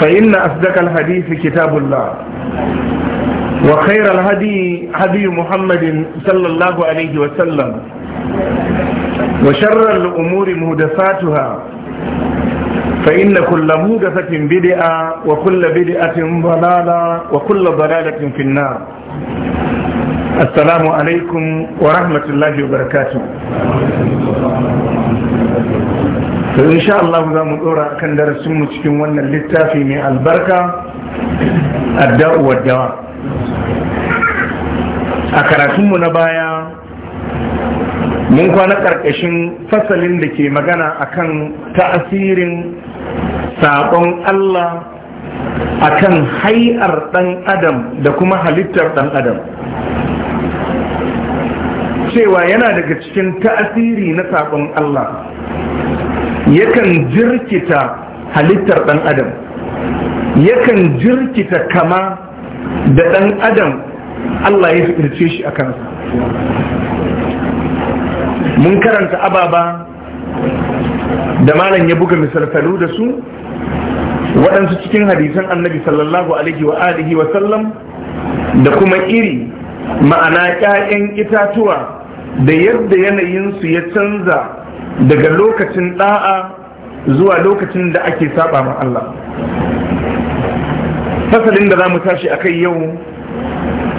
فإن أصدق الحديث كتاب الله وخير الهدي هدي محمد صلى الله عليه وسلم وشر الأمور مهدفاتها فإن كل مهدفة بدعة وكل بدعة ضلالة وكل ضلالة في النار السلام عليكم ورحمة الله وبركاته to insha Allah za mu dora kan darasin mu cikin wannan littafi mai albarka adda'u dawa a karatunmu na baya mun kwana karkashin fasalin da ke magana akan ta'asirin sabon Allah akan hai'ar ɗan adam da kuma halittar ɗan adam cewa yana daga cikin ta'asiri na sabon Allah yakan jirkita halittar ɗan adam yakan jirkita kama da ɗan adam Allah ya fitarce shi a kansa mun karanta ababa da malam ya buga misalfalu da su waɗansu cikin hadisan annabi sallallahu alaihi wa alihi wa sallam da kuma iri ma'ana 'ya'yan itatuwa da yadda yanayinsu ya canza daga lokacin da'a zuwa lokacin da ake saba ma Allah fasalin da za mu tashi a kai yau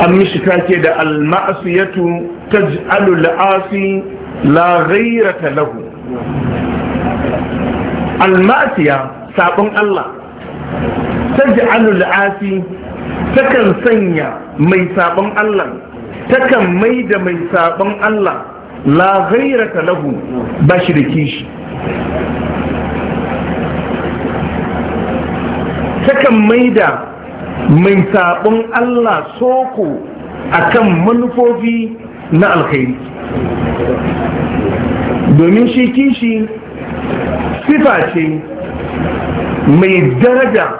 an mishi take da almasiyatu taj'alu al'asi la ghayrata lahu almasiya sabon Allah taj'alu al'asi takan sanya mai sabon Allah takan maida mai sabon Allah la talahu lahu ba shi da kishi takan maida mai sabon Allah soko akan manufofi na alkhairi domin shi kishi sifa ce mai daraja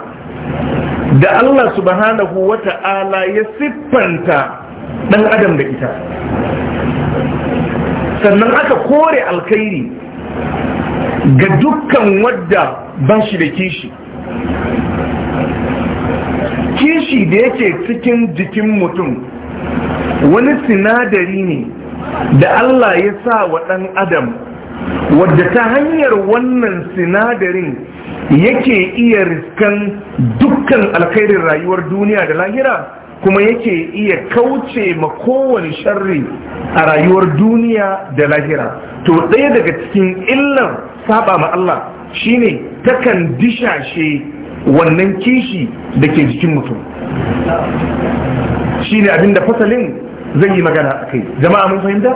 da Allah subhanahu wa ta'ala ya siffanta ɗan adam da ita sannan aka kore alkhairi ga dukkan wadda ba shi da kishi kishi da yake cikin jikin mutum wani sinadari ne da Allah ya sa wa ɗan adam wadda ta hanyar wannan sinadarin yake iya riskan dukkan alkhairin rayuwar duniya da lahira kuma yake iya kauce ma kowane sharri a rayuwar duniya da lahira to ɗaya daga cikin illar saba ma Allah shine takan dishashe wannan kishi da ke jikin mutum shine abinda fasalin zai yi magana a kai jama'a mun fahimta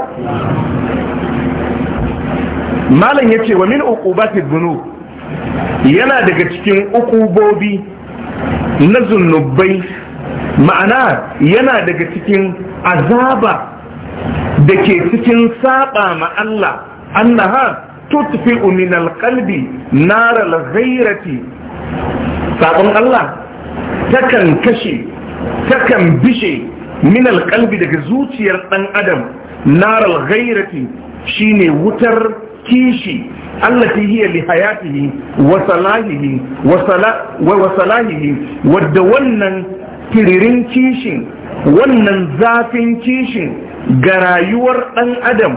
malam ya ce wa min uqubati dhunub yana daga cikin uqubobi na zunubai ma'ana yana daga cikin azaba da ke cikin saba ma Allah annaha tutfi'u min alqalbi nar alghayrati sabon Allah takan kashe takan bishe min alqalbi daga zuciyar dan adam nar alghayrati shine wutar kishi التي هي لحياته وصلاحه وصلاحه ودونا tiririn kishin wannan zafin kishin ga rayuwar ɗan adam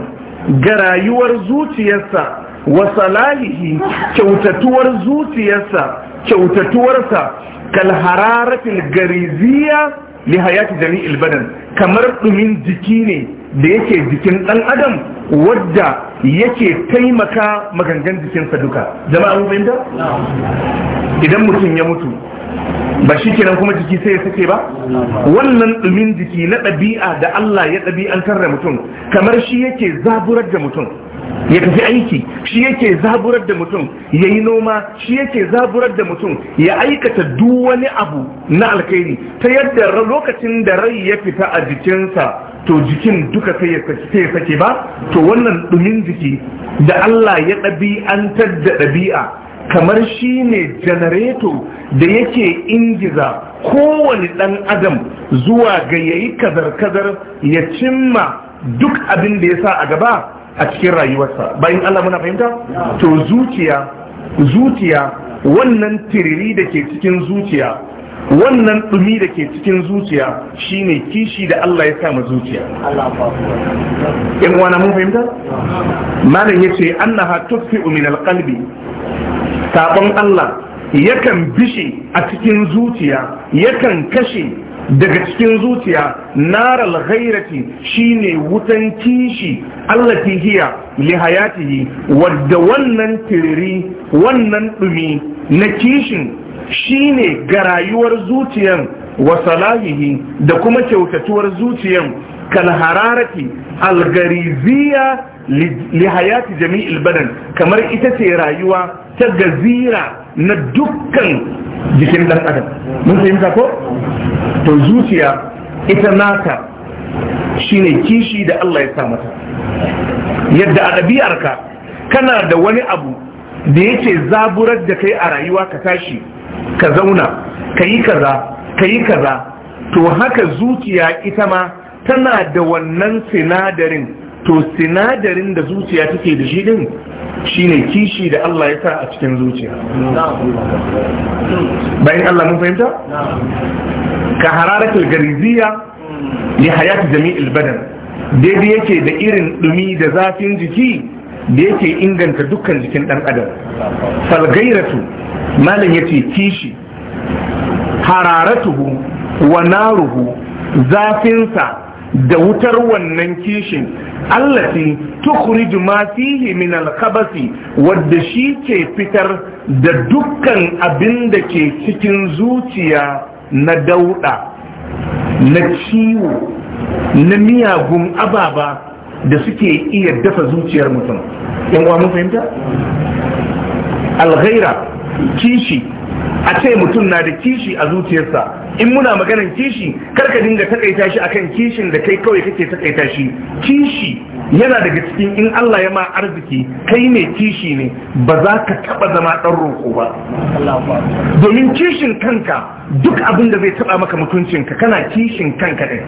ga rayuwar zuciyarsa wa lalihi, kyautatuwar zuciyarsa kyautatuwarsa kalhararatil gariziya li hayati jami'il badan kamar ɗumin jiki ne da yake jikin ɗan adam wadda yake taimaka magangan jikinsa duka jama'a mun fahimta idan mutum ya mutu ba shi kenan kuma jiki sai ya sake ba wannan dumin jiki na ɗabi'a da Allah ya ɗabi'antar da mutum kamar shi yake zaburar da mutum ya tafi aiki shi yake zaburar da mutum ya yi noma shi yake zaburar da mutum ya aikata duk wani abu na alkhairi ta yadda lokacin da rai ya fita a jikinsa to jikin duka sai ya sake ba to wannan dumin jiki da Allah ya ɗabi'antar da ɗabi'a kamar shi ne janareto da yake ingiza kowane ɗan adam zuwa ga yayi kazar-kazar ya cimma duk abin da ya sa a gaba a cikin rayuwarsa bayan Allah muna fahimta to zuciya zuciya wannan tiriri da ke cikin zuciya wannan dumi da ke cikin zuciya shine kishi da Allah ya sama zuciya yan wana mun fahimta malam yace annaha tufi min alqalbi sabon Allah yakan bishe a cikin zuciya yakan kashe daga cikin zuciya naral ghairati shine wutan kishi allati hiya li hayatihi wadda wannan tiriri wannan dumi na kishin shine ga rayuwar zuciyan wa salahihi da kuma kyautatuwar zuciyan kal hararati algariziya li hayati jami'il kamar ita ce rayuwa ta gazira na dukkan jikin dan adam mun fahimta ko to zuciya ita naka shine kishi da Allah ya sa mata yadda a ɗabi'arka kana da wani abu da yake zaburar da kai a rayuwa ka tashi ka zauna ka yi kaza ka yi kaza to haka zuciya ita ma tana da wannan sinadarin to sinadarin da zuciya take da shi din shine kishi da Allah ya sa a cikin zuciya bayan Allah mun fahimta ka hararatul gariziya li hayati jami'il badan daidai yake da irin dumi da zafin jiki da yake inganta dukkan jikin dan adam falgairatu malam yace kishi hararatuhu wa naruhu zafinsa da wutar wannan kishin allafi tukhriju ma fihi min al wadda shi ke fitar da dukkan abin da ke cikin zuciya na dauda na ciwo na miyagun ababa da suke iya dafa zuciyar mutum yan uwa mun fahimta alghaira kishi a ce mutum na da kishi a zuciyarsa in muna maganin kishi karka dinga takaita shi akan kishin da kai kawai kake takaita shi kishi yana daga cikin in Allah ya ma arziki kai mai kishi ne ba za ka taba zama dan roƙo ba domin kishin kanka duk abin da zai taba maka mutuncin ka kana kishin kanka ne.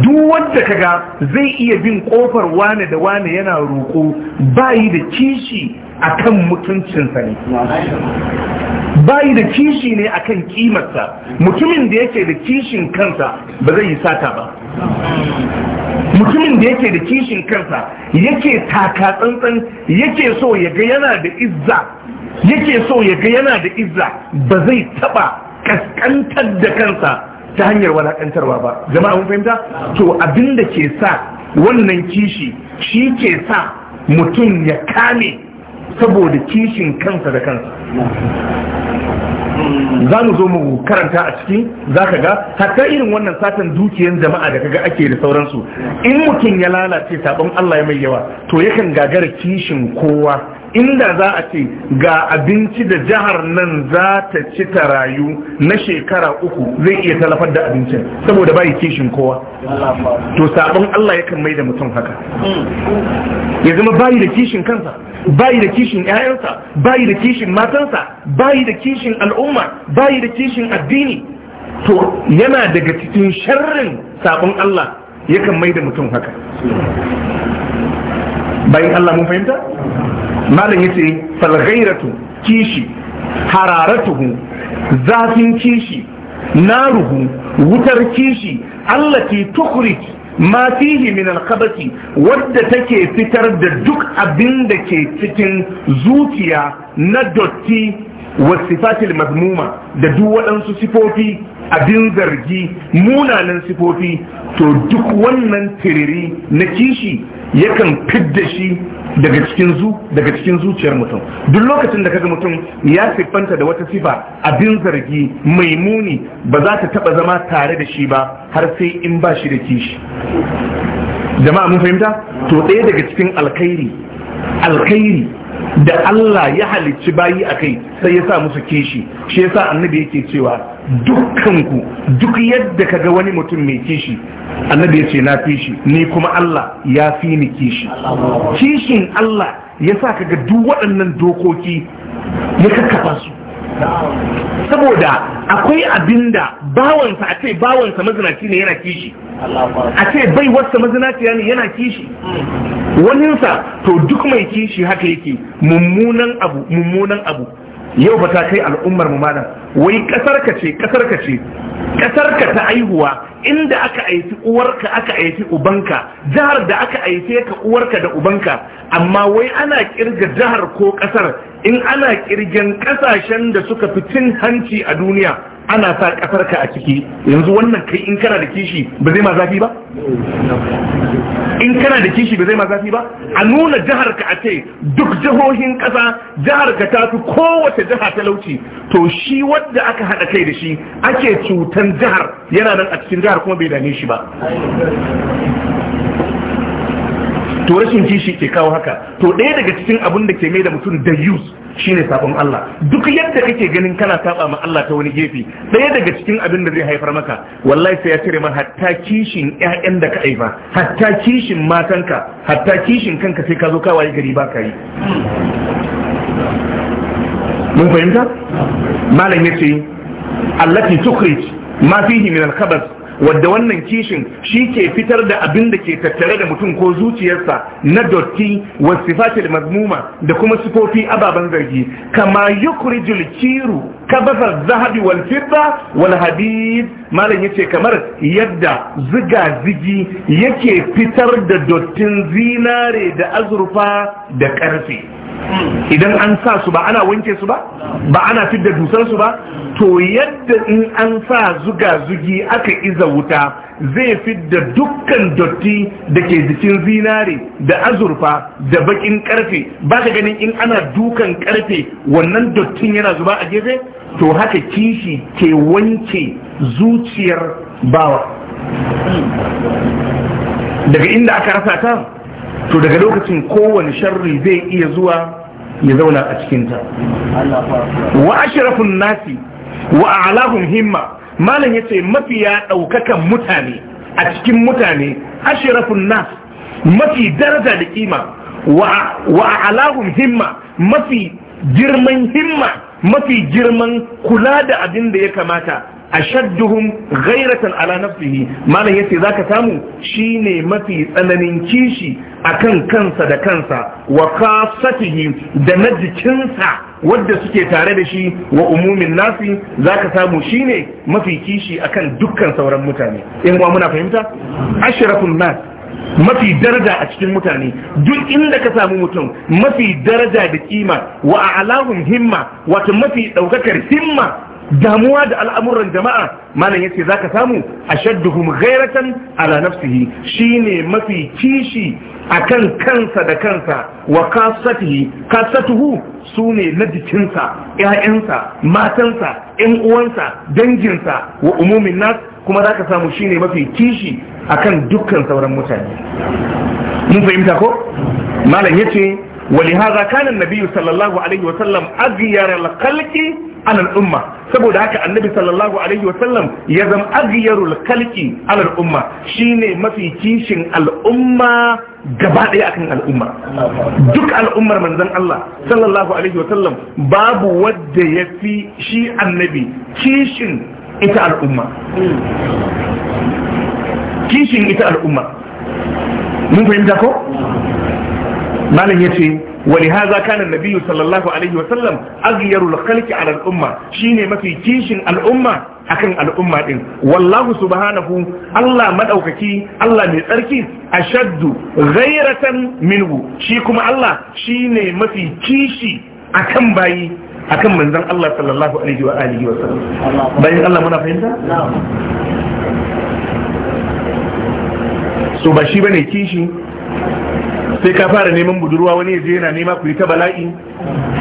duk wanda kaga zai iya bin kofar wane da wane yana roƙo bayi da kishi akan mutuncinsa ne bayi da kishi ne akan kimarsa mutumin da yake da kishin kansa ba zai yi sata ba mutumin da yake da kishin kansa yake taka tsantsan yake so ya ga yana da izza yake so ya ga yana da izza ba zai taba kaskantar da kansa ta hanyar walakantarwa ba jama'a mun fahimta to abin da ke sa wannan kishi shi ke sa mutum ya kame saboda kishin kansa da kansa za mu zo mu karanta a ciki za ka ga hatta irin wannan satan dukiyan jama'a da kaga ake da sauransu in mutum ya lalace sabon Allah ya mai yawa to yakan gagara kishin kowa inda za a ce ga abinci da jihar nan za ta ci ta rayu na shekara uku zai iya talafar da abincin saboda bai kishin kowa to sabon Allah kan mai da mutum haka ya zama bayi da kishin kansa bayi da kishin 'ya'yansa bayi da kishin matansa bayi da kishin al'umma bayi da kishin addini to yana daga cikin sharrin sabon Allah yakan mai da mutum haka bayan Allah mun fahimta malam yace Falgairatu, kishi hararatuhu zafin kishi naruhu wutar kishi allati tukhrij ma fihi min alqabati wadda take fitar da duk abin da ke cikin zuciya na dotti wa sifatil mazmuma da duk waɗansu sifofi abin zargi munanan sifofi to duk wannan tiriri na kishi yakan fidda shi daga cikin zu daga cikin zuciyar mutum duk lokacin da kaga mutum ya siffanta da wata sifa abin zargi mai muni ba za ta taba zama tare da shi ba har sai in ba shi da kishi jama'a mun fahimta to ɗaya daga cikin alkhairi alkhairi da Allah ya halicci bayi a kai sai ya sa musu kishi shi ya sa annabi yake cewa dukkanku duk yadda ka ga wani mutum mai kishi annabi ya ce na fi shi ni kuma Allah ya fi ni kishi kishin Allah ya sa ka ga duk waɗannan dokoki ya kakkafa su saboda akwai abinda bawansa a ce bawansa mazinaci ne yana kishi a ce bai wasa mazinaci ne yana kishi waninsa to duk mai kishi haka yake mummunan abu mummunan abu yau ba ta kai al'ummar mu malam wai kasar ka ce kasar ka ce kasar ka ta aihuwa inda aka aiki uwarka aka aiki ubanka jihar da aka aike ka uwarka da ubanka amma wai ana kirga jihar ko kasar in ana kirgen kasashen da suka fi cin hanci a duniya ana sa kasar ka a ciki yanzu wannan kai in kana da kishi ba zai ma zafi ba in kana da kishi ba zai ma zafi ba a nuna jihar ka a ce duk jihohin kasa jihar ka ta fi kowace jiha talauci to shi wadda aka hada kai da shi ake cutan jihar yana nan a cikin jihar jihar kuma bai dame shi ba to rashin kishi ke kawo haka to ɗaya daga cikin abin da ke mai da mutum da yus shine sabon Allah duk yadda kake ganin kana saba ma Allah ta wani gefe ɗaya daga cikin abin da zai haifar maka wallahi sai ya cire ma hatta kishin ƴaƴan da ka haifa hatta kishin matanka hatta kishin kanka sai ka zo ka waye gari ba ka yi mun fahimta malam yace allati tukhrij ma fihi min al wadda wannan kishin shi ke fitar da abin da ke tattare da mutum ko zuciyarsa na dotti wa sifatil mazmuma da kuma sifofi ababen zargi kama yukrijul kiru bafa zahabi wal fitta wal hadid malam yace kamar yadda ziga zigi yake fitar da dottin zinare da azurfa da karfe idan an sa su ba ana wanke su ba ba ana fidda dusar su ba to yadda in an sa zuga zugi aka iza wuta zai fidda dukkan dotti da ke jikin zinare da azurfa da bakin karfe ba ka ganin in ana dukan karfe wannan dottin yana zuba a gefe to haka kishi ke wanke zuciyar bawa daga inda aka rasa ta to daga lokacin kowane sharri zai iya zuwa ya zauna a cikinta wa ashrafun nasi wa a'lahum himma malam yace ya daukakan mutane a cikin mutane ashrafun nas mafi daraja da kima wa a'lahum himma mafi girman himma mafi girman kula da abin da ya kamata ashadduhum ghairatan ala nafsihi malam yace zaka samu shine mafi tsananin kishi akan kansa da kansa wa khasatihi da na jikinsa wadda suke tare da shi wa umumin nasi zaka samu shine mafi kishi akan dukkan sauran mutane in kuma muna fahimta ashrafun nas mafi daraja a cikin mutane duk inda ka samu mutum mafi daraja da kima wa alahun himma wato mafi daukakar himma damuwa da al'amuran jama'a malam yace zaka samu ashadduhum ghairatan ala nafsihi shine mafi kishi a kan kansa da kansa wa kasatihi kasatuhu sune na jikinsa ya'yansa matansa ƴan uwansa danginsa wa umumin nas kuma zaka samu shine mafi kishi akan dukkan sauran mutane mun fahimta ko malam yace ولهذا كان النبي صلى الله عليه وسلم أغير الخلق على الأمة سبب هكا النبي صلى الله عليه وسلم يزم أغير الخلق على الأمة شيني ما في كيشن الأمة gaba ɗaya akan al'umma duk al'ummar manzon Allah sallallahu alaihi wa sallam babu wadda ya fi shi annabi kishin ita kishin ita al'umma mun fahimta ko malam ya ce wani ha za kanin nabiyu sallallahu alaihi wasallam agiyar ulkhalki a al'umma shine mafi kishin al'umma akan al'umma ɗin? wallahu subhanahu allah maɗaukaki allah mai tsarki ashaddu ghairatan minhu shi kuma allah shi ne mafi kishi akan bayi akan manzon allah sallallahu alaihi wa alihi bayan allah muna fahimta so ba shi bane kishi sai ka fara neman budurwa wani ya je yana nema ku yi ta bala'i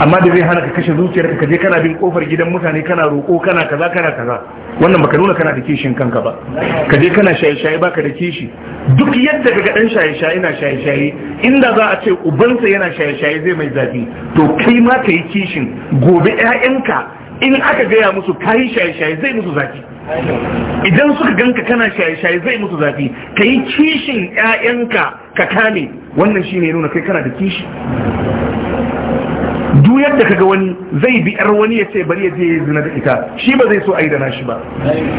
amma da zai hana ka kashe zuciyar ka je kana bin kofar gidan mutane kana roƙo kana kaza kana kaza wannan baka nuna kana da kishin kanka ba ka je kana shaye shaye baka da kishi duk yadda ga dan shaye shaye na shaye shaye inda za a ce ubansa yana shaye shaye zai mai zafi to kai ma ka yi kishin gobe ƴaƴanka in aka gaya musu kayi shaye-shaye zai musu zafi idan suka ganka kana shaye-shaye zai musu zafi ka yi kishin 'ya'yanka ka kame wannan shi ne nuna kai kana da kishi duk yadda kaga wani zai bi yar wani ya ce bari ya je ya zina da ita shi ba zai so a yi da nashi ba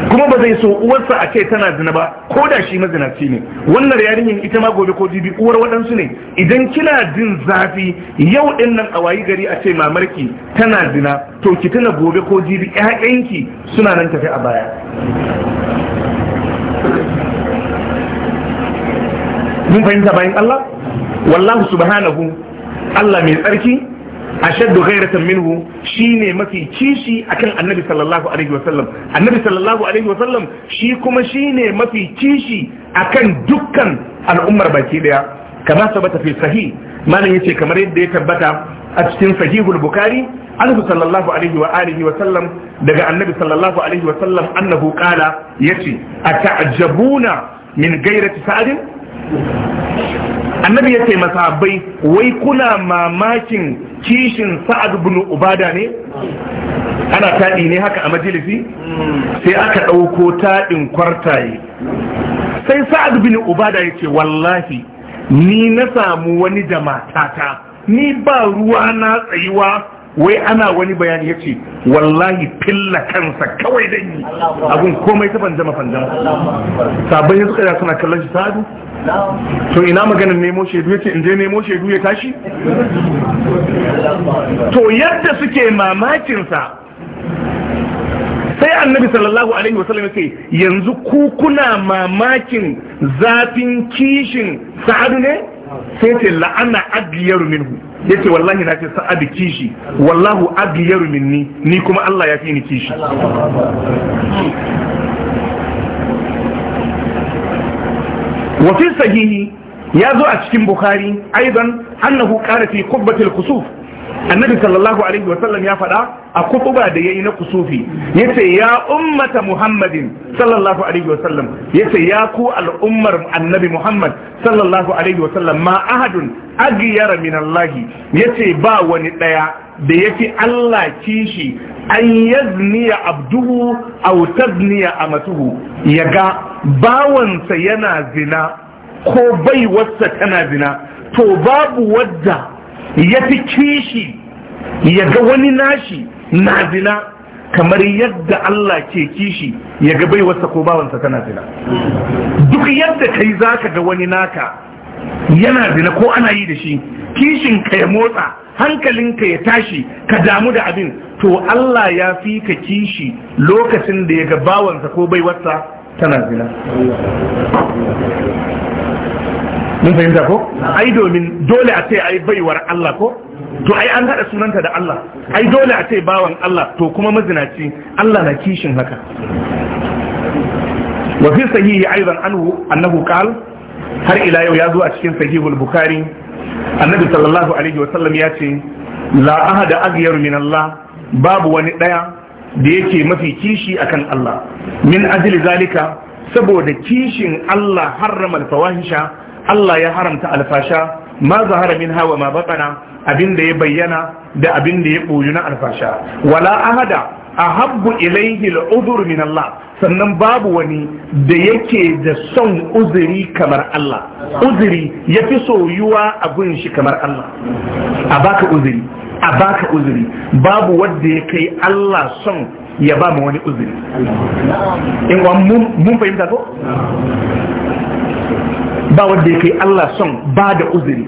kuma ba zai so uwarsa a ce tana zina ba ko da shi ce ne wannan yarinyar ita ma gobe ko jibi uwar waɗansu ne idan kina jin zafi yau ɗin nan a wayi gari a ce mamarki tana zina to ki tana gobe ko jibi ƴaƴanki suna nan tafi a baya mun fahimta bayan Allah wallahu subhanahu Allah mai tsarki ashaddu ghairatan minhu shine mafi kishi akan annabi sallallahu alaihi wasallam annabi sallallahu alaihi wasallam shi kuma shine mafi kishi akan dukkan al'ummar baki ɗaya, kama sabata fi sahih malam yace kamar yadda ya tabbata a cikin sahihul bukhari annabi sallallahu alaihi wa sallam daga annabi sallallahu alaihi wa sallam annahu qala yace ata'jabuna min ghairati sa'adin annabi yace masahabbai wai kuna mamakin kishin sa'ad ibn ubada ne ana taɗi ne haka a majalisi sai aka ɗauko taɗin kwartaye sai sa'ad bin ubada ya ce wallahi ni na samu wani da matata ni ba ruwa na tsayuwa wai ana wani bayani ya ce wallahi filla kansa kawai da yi abin komai ta fanjama fanjama sabon ya suka suna kallon shi sadu to ina maganin nemo shaidu ya ce in je nemo shaidu ya tashi to yadda suke mamakinsa sai annabi sallallahu alaihi wasallam ce yanzu ku kuna mamakin zafin kishin sa'adu ne sai ce la'ana abiyaru minhu yace wallahi na ce sa'adu kishi wallahu agiyar minni ni kuma Allah ya fi ni kishi wafi sahihi ya zo a cikin bukhari aidan annahu qala fi qubbatil annabi sallallahu alaihi wa sallam ya faɗa a kutuba da yayi na kusufi yace ya ummata muhammadin sallallahu alaihi wa sallam yace ya ku al'ummar annabi muhammad sallallahu alaihi wa sallam ma ahadun agiyara min allahi yace ba wani daya da yafi Allah kishi an yazniya abduhu aw tazniya amatuhu yaga bawansa yana zina ko baiwarsa tana zina to babu wadda ya fi kishi ya ga wani nashi na zina kamar yadda Allah ke kishi ya ga bai wasa ko bawansa tana zina duk yadda kai za ka ga wani naka yana zina ko ana yi da shi kishin ka ya motsa hankalinka ya tashi ka damu da abin to Allah ya fi ka kishi lokacin da ya ga bawansa ko bai wasa tana zina mun fahimta ko ai domin dole a ce ai baiwar Allah ko to ai an hada sunanta da Allah ai dole a ce bawan Allah to kuma mazinaci Allah na kishin haka wa fi sahihi aidan anhu annahu qal har ila yau ya zo a cikin sahihul bukhari annabi sallallahu alaihi wa sallam ya ce la ahada aghyar min Allah babu wani daya da yake mafi kishi akan Allah min ajli zalika saboda kishin Allah harrama al-fawahisha Allah ya haramta alfasha ma zahara min hawa ma batsana abin da ya bayyana da abin da ya ɓoyu na alfasha wala ahada ahabbu ilaihi al'udhur min Allah sannan babu wani da yake da son uzuri kamar Allah uzuri yafi soyuwa abun shi kamar Allah a baka uzuri a baka uzuri babu wanda ya kai Allah son ya ba mu wani uzuri in mun fahimta ko ba wanda ya kai Allah son ba da uzuri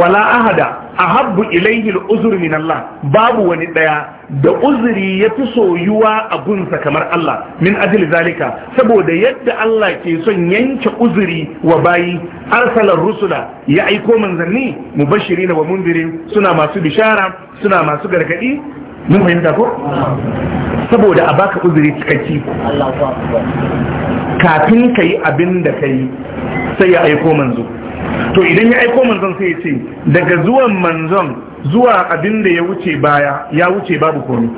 wala ahada ahabbu ilaihi al-uzru min Allah babu wani daya da uzuri ya fi soyuwa a gunsa kamar Allah min ajli zalika saboda yadda Allah ke son yanke uzuri wa bayi arsalar rusula ya aiko manzanni mubashirin wa mundirin suna masu bishara suna masu gargadi mun fahimta ko saboda a baka uzuri cikakki kafin ka yi abin da ka yi sai ya aiko manzo to idan ya aiko manzon sai ya ce daga zuwan manzon zuwa abin da ya wuce baya ya wuce babu komai,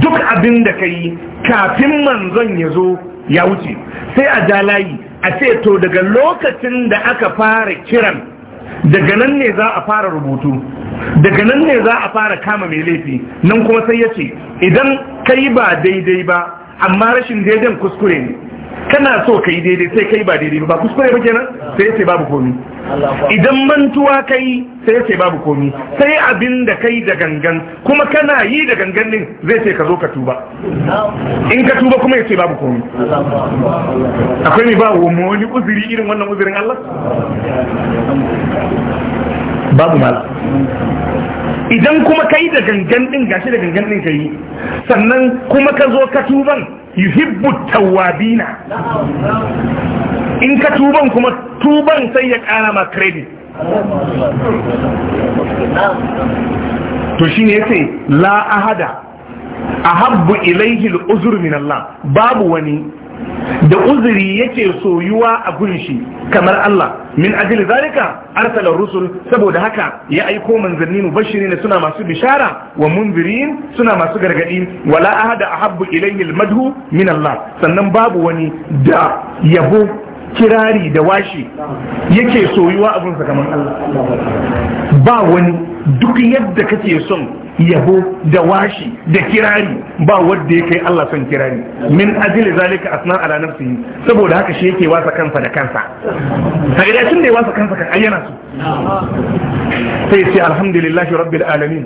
duk abin da ka yi kafin manzon ya zo ya wuce sai a dalayi a ce to daga lokacin da aka fara kiran daga nan ne za a fara rubutu daga nan ne za a fara kama mai laifi nan kuma sai ya ce idan kai ba daidai ba amma rashin daidai kuskure ne kana so ka yi daidai sai kai ba daidai ba kuskure ba kenan sai sai babu komi idan mantuwa kai sai sai babu komi sai abin da kai da gangan kuma kana yi da gangan din zai sai ka zo ka tuba in ka tuba kuma ya sai babu komi akwai ni ba wani uzuri irin wannan uzurin Allah babu mala idan kuma kai da gangan din gashi da gangan din kai sannan kuma ka zo ka tuban yuhibbu tawabina in ka tuban kuma tuban sai ya kara ma credit to shine yace la ahada ahabbu ilayhi al-uzr min Allah babu wani da uzuri yake soyuwa a gurin shi kamar Allah min ajli zalika arsala rusul saboda haka ya aiko manzanni mubashirin suna masu bishara wa munzirin suna masu gargadi wala ahada ahabbu ilayhi almadhu min Allah sannan babu wani da yabo kirari da washi yake soyuwa a sa kamar Allah ba wani duk yadda kake son yabo da washi da kirari ba wanda ya kai Allah son kirari min ajli zalika asna ala nafsihi saboda haka shi yake wasa kansa da kansa a idan tun da ya wasa kansa kan ayyana su sai sai alhamdulillahi rabbil alamin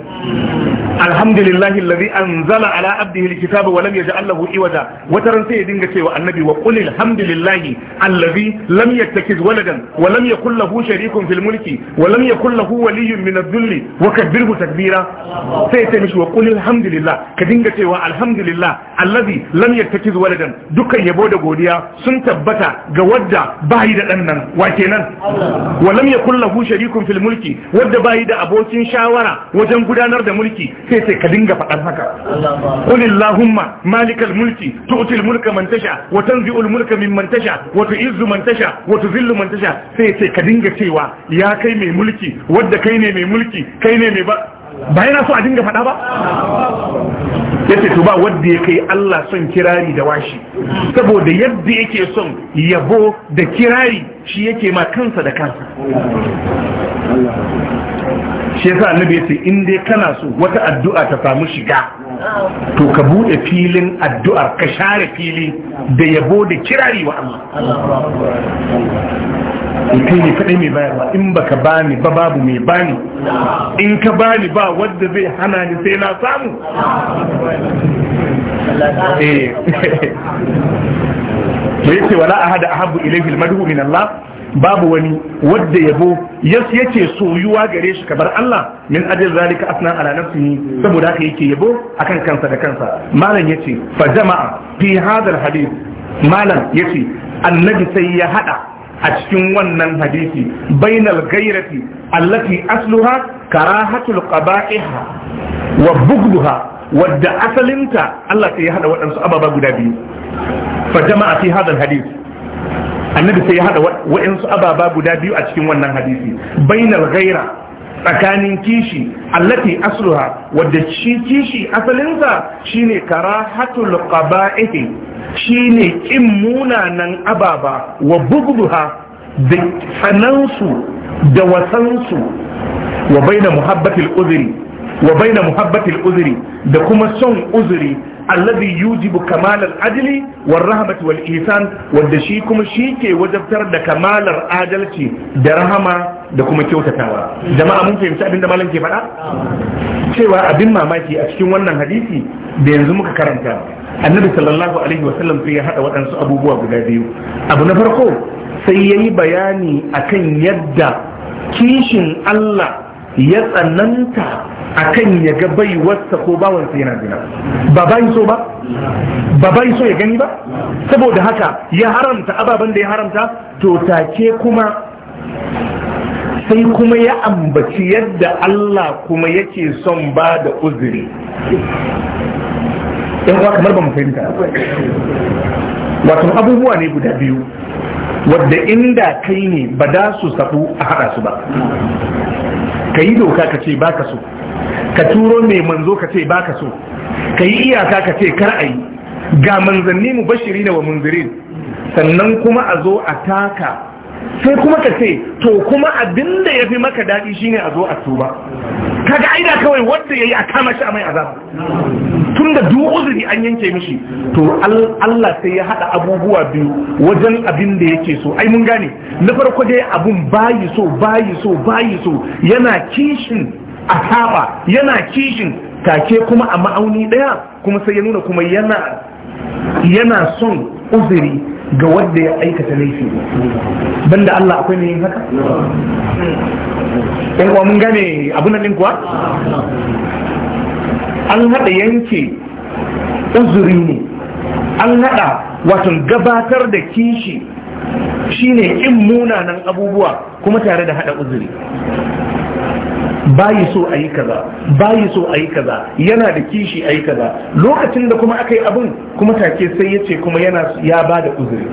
alhamdulillahi alladhi anzala ala abdihi alkitaba wa lam yaj'al lahu iwaja wataran sai ya dinga cewa annabi wa qul alhamdulillahi alladhi lam yattakhiz waladan wa lam yakul lahu sharikun fil mulki wa lam yakul lahu waliyyun min adh-dhulli wa kabbirhu takbira sai ya ce mishi wa qul alhamdulillah ka dinga cewa alhamdulillah allazi lam yattakiz waladan dukkan yabo da godiya sun tabbata ga wadda bayi da dan nan wa kenan wa lam yakul lahu sharikun fil mulki wadda bayi da abokin shawara wajen gudanar da mulki sai sai ka dinga faɗar haka qul allahumma malikal mulki tu'til mulka man tasha wa tanzi'ul mulka mimman tasha wa tu'izzu man tasha wa tuzillu man tasha sai sai ka dinga cewa ya kai mai mulki wadda kai ne mai mulki kai ne mai ba ba yana so a dinga faɗa ba yace to ba wanda ya kai Allah son kirari da washi saboda yadda yake son yabo da kirari shi yake ma kansa da kansa shi yasa annabi yace in dai kana so wata addu'a ta samu shiga to ka buɗe filin addu'ar ka share fili da yabo da kirari wa Allah kai ne kaɗai mai bayarwa in baka bani ba babu mai bani in ka bani ba wadda zai hana ni sai na samu eh to yace wala ahada ahabbu ilayhi al-madhu min Allah babu wani wadda yabo yas yake soyuwa gare shi kamar Allah min ajin zalika asna ala nafsihi saboda haka yake yabo akan kansa da kansa malam yace fa jama'a fi hadal hadith malam yace annabi sai ya hada a cikin wannan hadisi bainal gairati allati asluha karahatul qaba'iha wa bughduha wadda asalinta Allah sai ya hada waɗansu ababa guda biyu fa jama'a fi hadal hadith annabi sai ya hada wa'insu ababa guda biyu a cikin wannan hadisi bainal ghaira tsakanin kishi allati asluha wadda shi kishi asalinsa shine karahatul qaba'ihi shine kin munanan ababa wa bugduha da tsanansu da wasansu wa baina muhabbatil uzri wa baina muhabbatil uzri da kuma son uzuri allazi yujibu kamalar ajili war rahmat wal ihsan wanda shi kuma shi ke wajabtar da kamalar adalci da rahama da kuma kyautatawa jama'a mun fahimci abin da malam ke faɗa cewa abin mamaki a cikin wannan hadisi da yanzu muka karanta annabi sallallahu alaihi sallam sai ya haɗa waɗansu abubuwa guda biyu abu na farko sai ya yi bayani akan yadda kishin Allah ya tsananta A kan ya ga wasa ko bawansa yana zina ba bai so ba ba bai so ya gani ba saboda haka ya haramta ababen da ya haramta to take kuma sai kuma ya ambaci yadda Allah kuma yake son ba da uzuri yan uwa kamar ba mu fahimta wato abubuwa ne guda biyu wadda inda kai ne ba da su sabu a hada su ba ka yi doka ka ce ba ka so ka turo mai manzo ka ce baka so ka yi iyaka ka ce kar a yi ga manzanni mu bashiri na wa munzirin sannan kuma a zo a taka sai kuma ka ce to kuma abin da ya fi maka daɗi shine a zo a tuba kaga aida kawai wanda ya yi a kama shi a mai azab tun da duk uzuri an yanke mishi to Allah sai ya haɗa abubuwa biyu wajen abin da yake so ai mun gane na farko dai abun bayi so bayi so bayi so yana kishin a saba yana kishin take kuma a ma'auni ɗaya kuma sai ya nuna kuma yana yana son uzuri ga wanda ya aikata laifi banda Allah akwai ne haka ɗan kuwa mun gane abun nan kuwa an haɗa yanke uzuri ne an haɗa watan gabatar da kishi shine in munanan abubuwa kuma tare da haɗa uzuri bayi so a yi kaza bayi so a yi kaza yana da kishi a yi kaza lokacin da kuma aka yi abin kuma take sai ya ce kuma yana ya ba da uzuri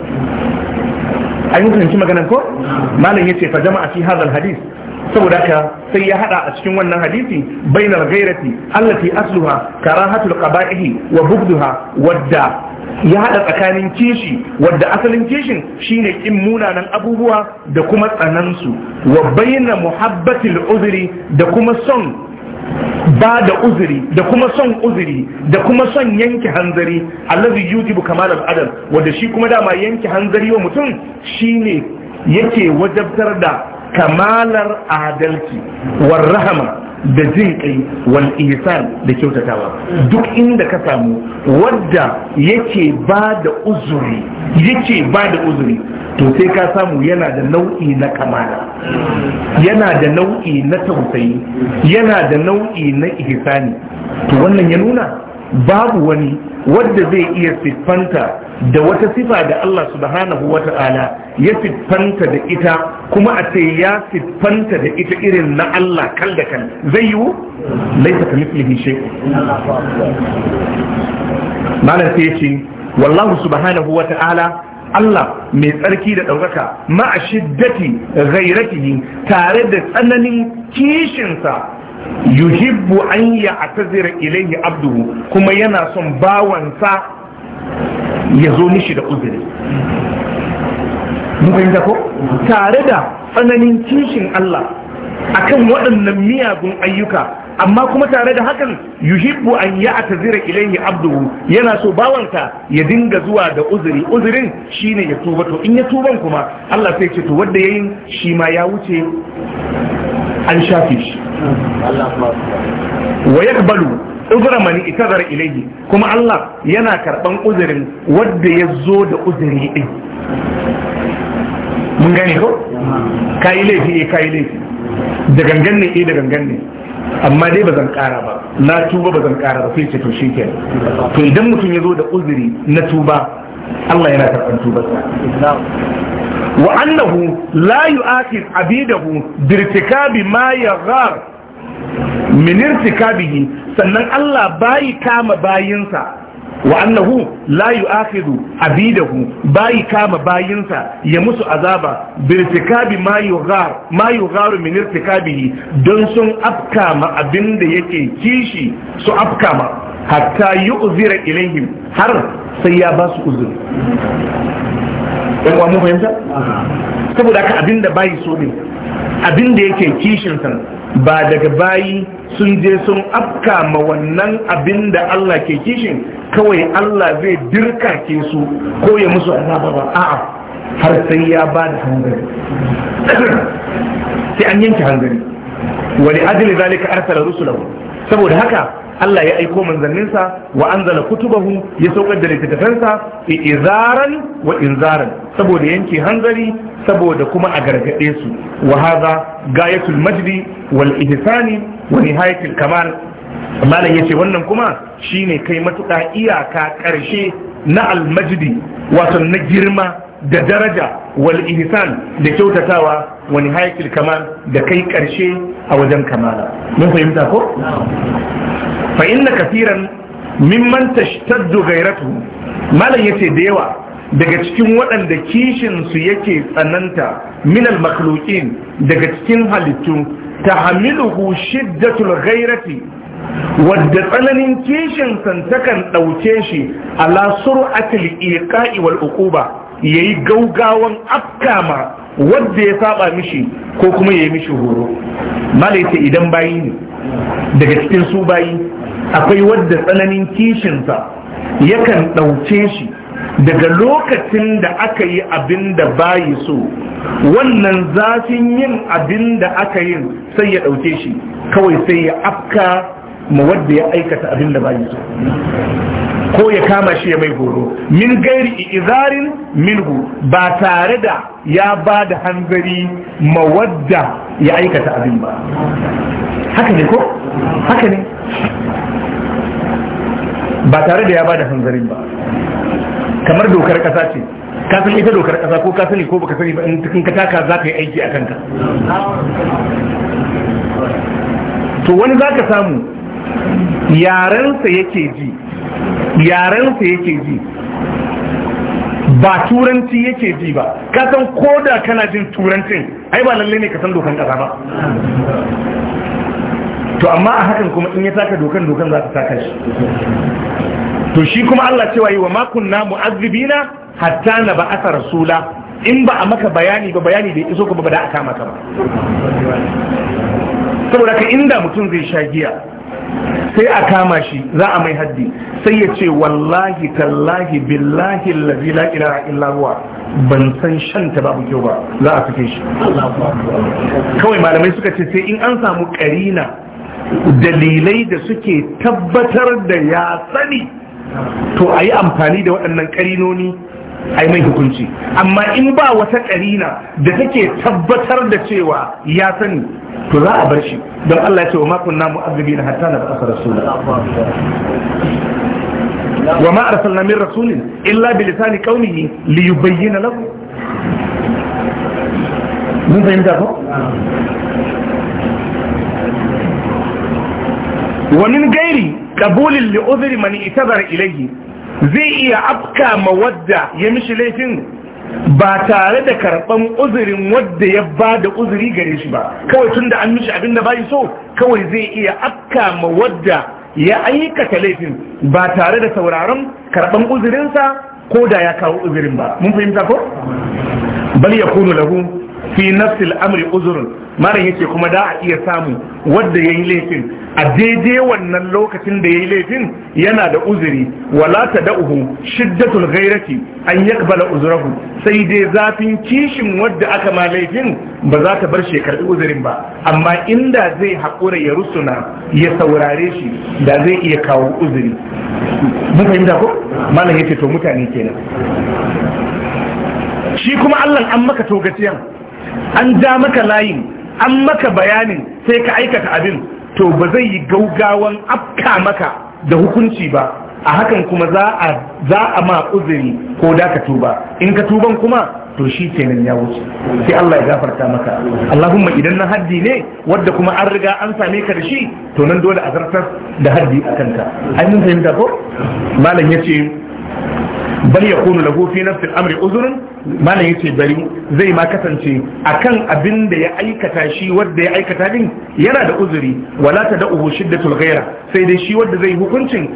an yi fahimci maganan ko malam ya ce fa jama'a fi hadal hadis saboda ka sai ya hada a cikin wannan hadisi bainar gairati allati asluha karahatul qaba'ihi wa bughdha wadda ya haɗa tsakanin kishi wadda asalin kishin shine kin munanan abubuwa da kuma tsanansu wa bayyana muhabbatil uzuri da kuma son ba da uzuri da kuma son uzuri da kuma son yanke hanzari allazi yujibu kamal al-adam shi kuma dama yanke hanzari wa mutum shine yake wajabtar da kamalar adalci war rahama da jin kai wal ihsan da kyautatawa duk inda ka samu wanda yake ba da uzuri yake ba da uzuri to sai ka samu yana da nau'i na kamala yana da nau'i na tausayi yana da nau'i na ihsani to wannan ya nuna babu wani wanda zai iya siffanta da wata sifa da Allah subhanahu wa ta'ala ya siffanta da ita kuma a ce ya siffanta da ita irin na Allah kan da kan zai yiwu laisa ka mislihi shay malam sai ce wallahu subhanahu wa ta'ala Allah mai tsarki da ɗaukaka ma'a shiddati ghairatihi tare da tsananin kishinsa yuhibbu an a atazira ilaihi abduhu kuma yana son bawansa ya zo mishi da uzuri mun ko tare da tsananin kishin Allah akan waɗannan miyagun ayyuka amma kuma tare da hakan yuhibbu an ya ilayhi abduhu yana so bawanka ya dinga zuwa da uzuri uzurin shine ya tuba to in ya tuban kuma Allah sai ce to wanda yayin shi ma ya wuce an shafe shi wa yaqbalu uzura mani itazar ilayhi kuma Allah yana karban uzurin wanda ya zo da uzuri din mun gane ko kai laifi eh kai laifi da gangan ne eh da gangan ne amma dai ba zan kara ba na tuba ba zan kara ba sai ce to shikenan to idan mutum ya zo da uzuri na tuba Allah yana karɓar tubarsa. Wa annahu la yu'akhid abidahu birtikabi ma yaghar minir irtikabihi sannan Allah bai kama bayinsa wa annahu la yu'akhidhu abidahu bai kama bayinsa ya musu azaba birtikabi ma yughar ma yughar min irtikabihi don sun afkama abinda yake kishi su afkama hatta yu'zira ilaihim har sai ya ba su uzuri dan mun fahimta saboda ka abinda bai so ne abinda yake kishin sa ba daga bayi sun je sun afka ma wannan abin da Allah ke kishin kawai Allah zai dirka ke su ko ya musu azaba ba a'a har sai ya ba da hangari sai an yanke hangari wani ajiyar zalika arsala rusulawa saboda haka Allah ya aiko manzanninsa wa anzala kutubahu ya saukar da littattafansa fi izaran wa inzaran saboda yanke hanzari saboda kuma a gargaɗe su wa hadha gayatul majdi wal ihsani wa nihayatul kamal malam yace wannan kuma shine kai matuƙa iyaka ƙarshe na almajdi wato na girma da daraja wal ihsan da kyautatawa wani haikil kamal da kai ƙarshe a wajen kamala mun fahimta ko fa inna kafiran mimman gairatu malam yace da yawa daga cikin waɗanda kishin su yake tsananta minal makhluqin daga cikin halittu tahamiluhu shiddatul ghairati wadda tsananin kishin santakan ɗauke shi ala sur'atul iqa'i wal uquba yayi gaugawan afkama wadda ya saba mishi ko kuma yayi mishi horo malaita idan bayi ne daga cikin su bayi akwai wadda tsananin kishinsa yakan ɗauce shi daga lokacin da aka yi abin da bayi so wannan zafin yin abin da aka yin sai ya ɗauke shi kawai sai ya afka ma wadda ya aikata abin da bayi so ko ya kama shi ya mai horo min gairi izarin minhu ba tare da ya ba da hanzari ma wadda ya aikata abin ba haka ne ko haka ne ba tare da ya bada hanzarin ba kamar dokar kasa ce ka san ita dokar kasa ko ka sani ko baka sani ba in cikin ka za ka yi aiki a kanka to wani za ka samu yarensa yake ji yarensa yake ji ba turanci yake ji ba ka san ko da kana jin turancin ai ba lalle ne ka san dokar kasa ba to amma a hakan kuma in ya taka dokan dokan za ta taka shi to shi kuma Allah cewa yi wa makon na mu'azzibina hatta na ba rasu rasula in ba a maka bayani ba bayani da iso ka ba da kama ka ba saboda ka inda mutum zai sha giya sai a kama shi za a mai haddi sai ya ce wallahi tallahi billahi allazi la ilaha illa huwa ban san shan ta babu kyau ba za a fike shi kawai malamai suka ce sai in an samu karina dalilai da suke tabbatar da ya sani to a yi amfani da waɗannan ƙarinoni a yi mai hukunci amma in ba wata ƙarina da take tabbatar da cewa ya sani to za a bar shi don Allah ya ce wa makon namu azubi na hatta na ƙasa rasula wa ma arsalna min rasulin illa bi lisani qaumihi li yubayyana lahu mun fahimta ko wa min gairi qabulin li udhri man itazar ilaihi. zai iya afka ma wadda ya mishi laifin ba tare da karban uzurin wadda ya ba da uzuri gare shi ba kawai tun da an mishi abin da bai so kawai zai iya afka ma wadda ya aikata laifin ba tare da sauraron karban uzurinsa ko da ya kawo uzurin ba mun fahimta ko bal yakunu lahu fi nafsil amri uzurin, malam yake kuma da a iya samu wanda yayi laifin a daidai wannan lokacin da yayi laifin yana da uzuri wala da'uhu shiddatul ghairati an yaqbala uzurahu, sai dai zafin kishin wadda aka ma laifin ba za ta bar shi karbi uzurin ba amma inda zai hakura ya rusuna ya saurare shi da zai iya kawo uzuri mun fahimta ko malam yace to mutane kenan shi kuma Allah an maka togaciyan an ja maka layin an maka bayanin sai ka aikata abin to ba zai yi gaugawan afka maka da hukunci ba a hakan kuma za a ma uzuri ko da ka tuba in ka tuban kuma to shi kenan ya wuce sai Allah ya gafarta maka Allahumma idan na haddi ne wadda kuma an riga an same ka da shi to nan dole a zartar da haddi a ka ai mun fahimta ko malam yace bal yakunu lahu fi nafsi al-amri uzrun malam yace bari zai ma kasance akan abin da ya aikata shi wanda ya aikata din yana da uzuri wala tad'uhu shiddatul ghaira sai dai shi wanda zai hukuncin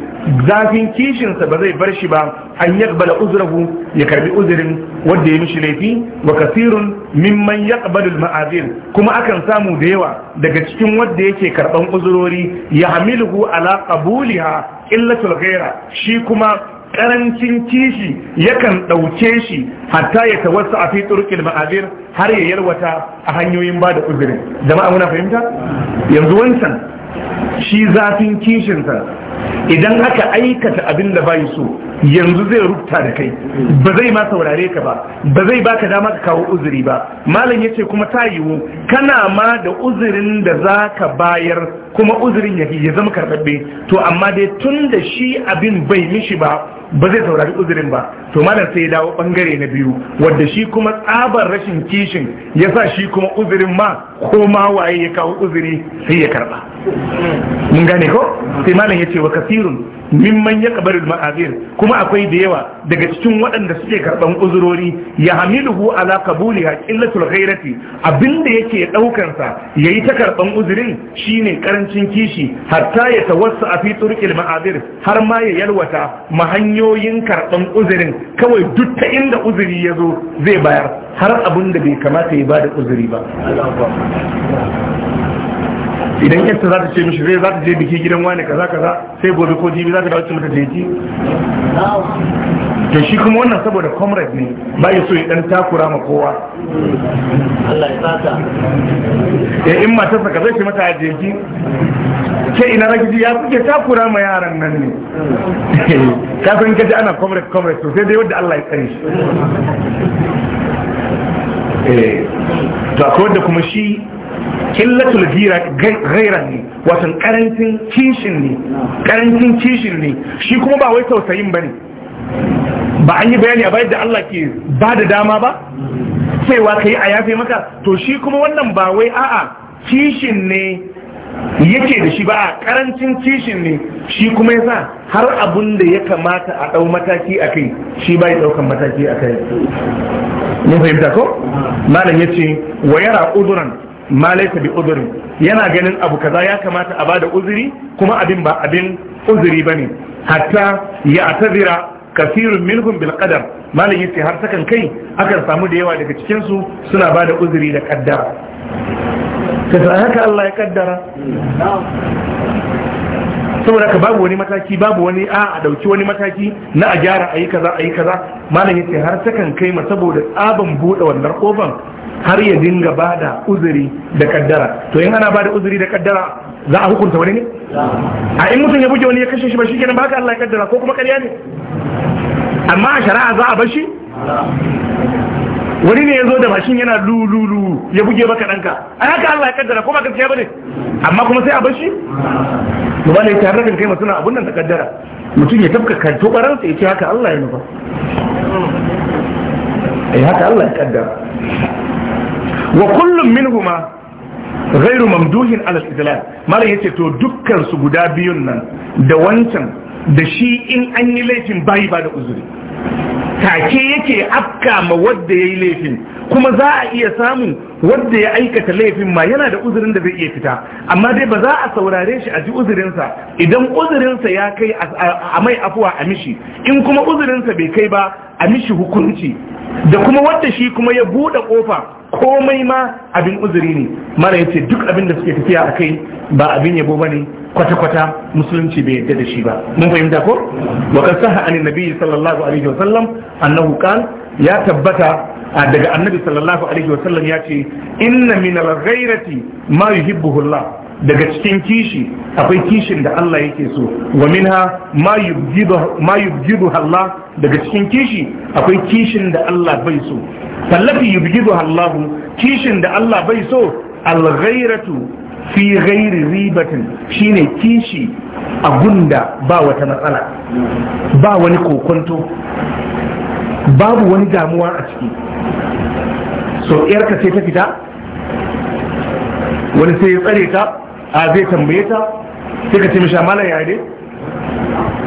zafin kishin sa ba zai bar shi ba an yaqbala uzrahu ya karbi uzurin wanda ya mishi laifi wa kasirun mimman yaqbalu al-ma'azir kuma akan samu da yawa daga cikin wanda yake karban uzurori ya hamiluhu ala qabuliha illatul ghaira shi kuma karancin kishi yakan ɗauke shi hatta ya tawassa a fi turkil ma'azir har ya yarwata a hanyoyin ba da uzurin jama'a muna fahimta yanzu wancan shi zafin kishinsa idan aka aikata abin da bai so yanzu zai rubuta da kai ba zai ma saurare ka ba ba zai baka dama ka kawo uzuri ba malam yace kuma ta yiwu kana ma da uzurin da zaka bayar kuma uzurin ya ya zama karbabbe to amma dai tun da shi abin bai mishi ba ba zai saurari uzurin ba to malam sai ya dawo bangare na biyu wanda shi kuma tsabar rashin kishin yasa shi kuma uzurin ma ko ma waye ya kawo uzuri sai ya karba mun gane ko sai malam yace wa kasirun mimman ya kabarul ma'azir kuma akwai da yawa daga cikin waɗanda suke karɓan uzurori ya hamiluhu ala kabuli ha illatul ghairati abinda yake ɗaukansa ya yi ta karɓan uzurin shine karancin kishi hatta ya tawassa a fi turkil ma'adir har ma ya yalwata mahanyoyin karɓan uzurin kawai duk ta inda uzuri ya zo zai bayar har abinda da bai kamata ya bada uzuri ba idan yadda za ta ce mishi zai za ta je biki gidan wani kaza kaza sai gobe ko jibi za ta dawo mata jeji to shi kuma wannan saboda comrade ne ba ya so ya dan takura ma kowa Allah ya sata eh in matar ka zai ce mata a jeji ke ina rakiji ya suke takura ma yaran nan ne kafin kaji ana comrade comrade sosai dai wanda Allah ya tsare shi eh, to akwai wadda kuma shi killatul gairan ne wato karancin kishin ne karancin kishin ne shi kuma ba wai tausayin bane ba an yi bayani a bayan da Allah ke ba da dama ba sai wa kai a yafe maka to shi kuma wannan ba wai a'a kishin ne yake da shi ba a karancin kishin ne shi kuma yasa har abun da ya kamata a ɗau mataki a kai shi ba ya ɗaukan mataki a kai mun fahimta ko malam yace wa yara uduran ma laisa bi uzuri yana ganin abu kaza ya kamata a bada uzuri kuma abin ba abin uzuri bane hatta ya atazira kasirun minhum bil qadar malin yace har sakan kai akan samu da yawa daga cikin su suna bada uzuri da kaddara kaza haka Allah ya kaddara saboda ka babu wani mataki babu wani a a dauki wani mataki na a gyara a yi kaza yi kaza malam yace har ta kan kai ma saboda tsaban bude wannan kofan har ya dinga bada uzuri da kaddara to in ana bada uzuri da kaddara za a hukunta wani ne a in mutum ya buge wani ya kashe shi ba shi kenan ba ka Allah ya kaddara ko kuma ƙarya ne amma a shari'a za a bar shi wani ne ya zo da mashin yana lululu ya buge baka ɗanka a haka Allah ya kaddara ko ba gaskiya ba ne amma kuma sai a bashi? shi to ba ne ta rabin kai na abun nan ta kaddara mutum ya tafka kan tubaran sai ce haka Allah ya nufa eh haka Allah ya kaddara wa kullum minhuma ghairu mamduhin ala al-islam ya yace to dukkan su guda biyun nan da wancan da shi in an yi laifin bayi ba da uzuri take yake afka ma wadda yayi laifin kuma za a iya samun wadda ya aikata laifin ma yana da uzurin da zai iya fita amma dai ba za a saurare shi a ji uzirinsa idan uzirinsa ya kai a mai afuwa a mishi in kuma uzurinsa bai kai ba a mishi hukunci da kuma wadda shi kuma ya buɗe ƙofa komai ma abin uzuri ne mara yace duk abin da suke tafiya a kai ba abin yabo ba kwata-kwata musulunci bai yadda da shi ba mun fahimta ko wa kan saha anin nabi sallallahu alaihi wa sallam annahu qal ya tabbata daga annabi sallallahu alaihi wa sallam ya ce inna min al-ghairati ma yuhibbuhu Allah daga cikin kishi akwai kishin da Allah yake so wa minha ma yubghidu Allah daga cikin kishi akwai kishin da Allah bai so tallafi yubghidu Allah kishin da Allah bai so al-ghairatu fi ghairi ribatin shine kishi a ba wata matsala ba wani kokonto babu wani damuwa a ciki so yarka sai ta fita wani sai ya tsare ta a zai tambaye ta sai ka ce mishi amala ya dai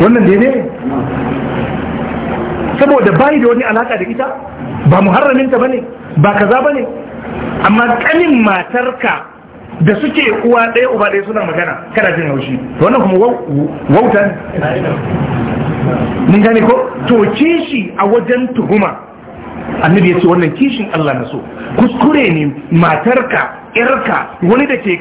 wannan daidai saboda bayi da wani alaka da ita ba muharraminta bane ba kaza bane amma kanin matarka da suke uwa ɗaya uba ɗaya suna magana kana jin haushi wannan kuma wauta ne mun gane ko to kishi a wajen tuhuma annabi ya ce wannan kishin Allah na so kuskure ne matarka irka wani da ke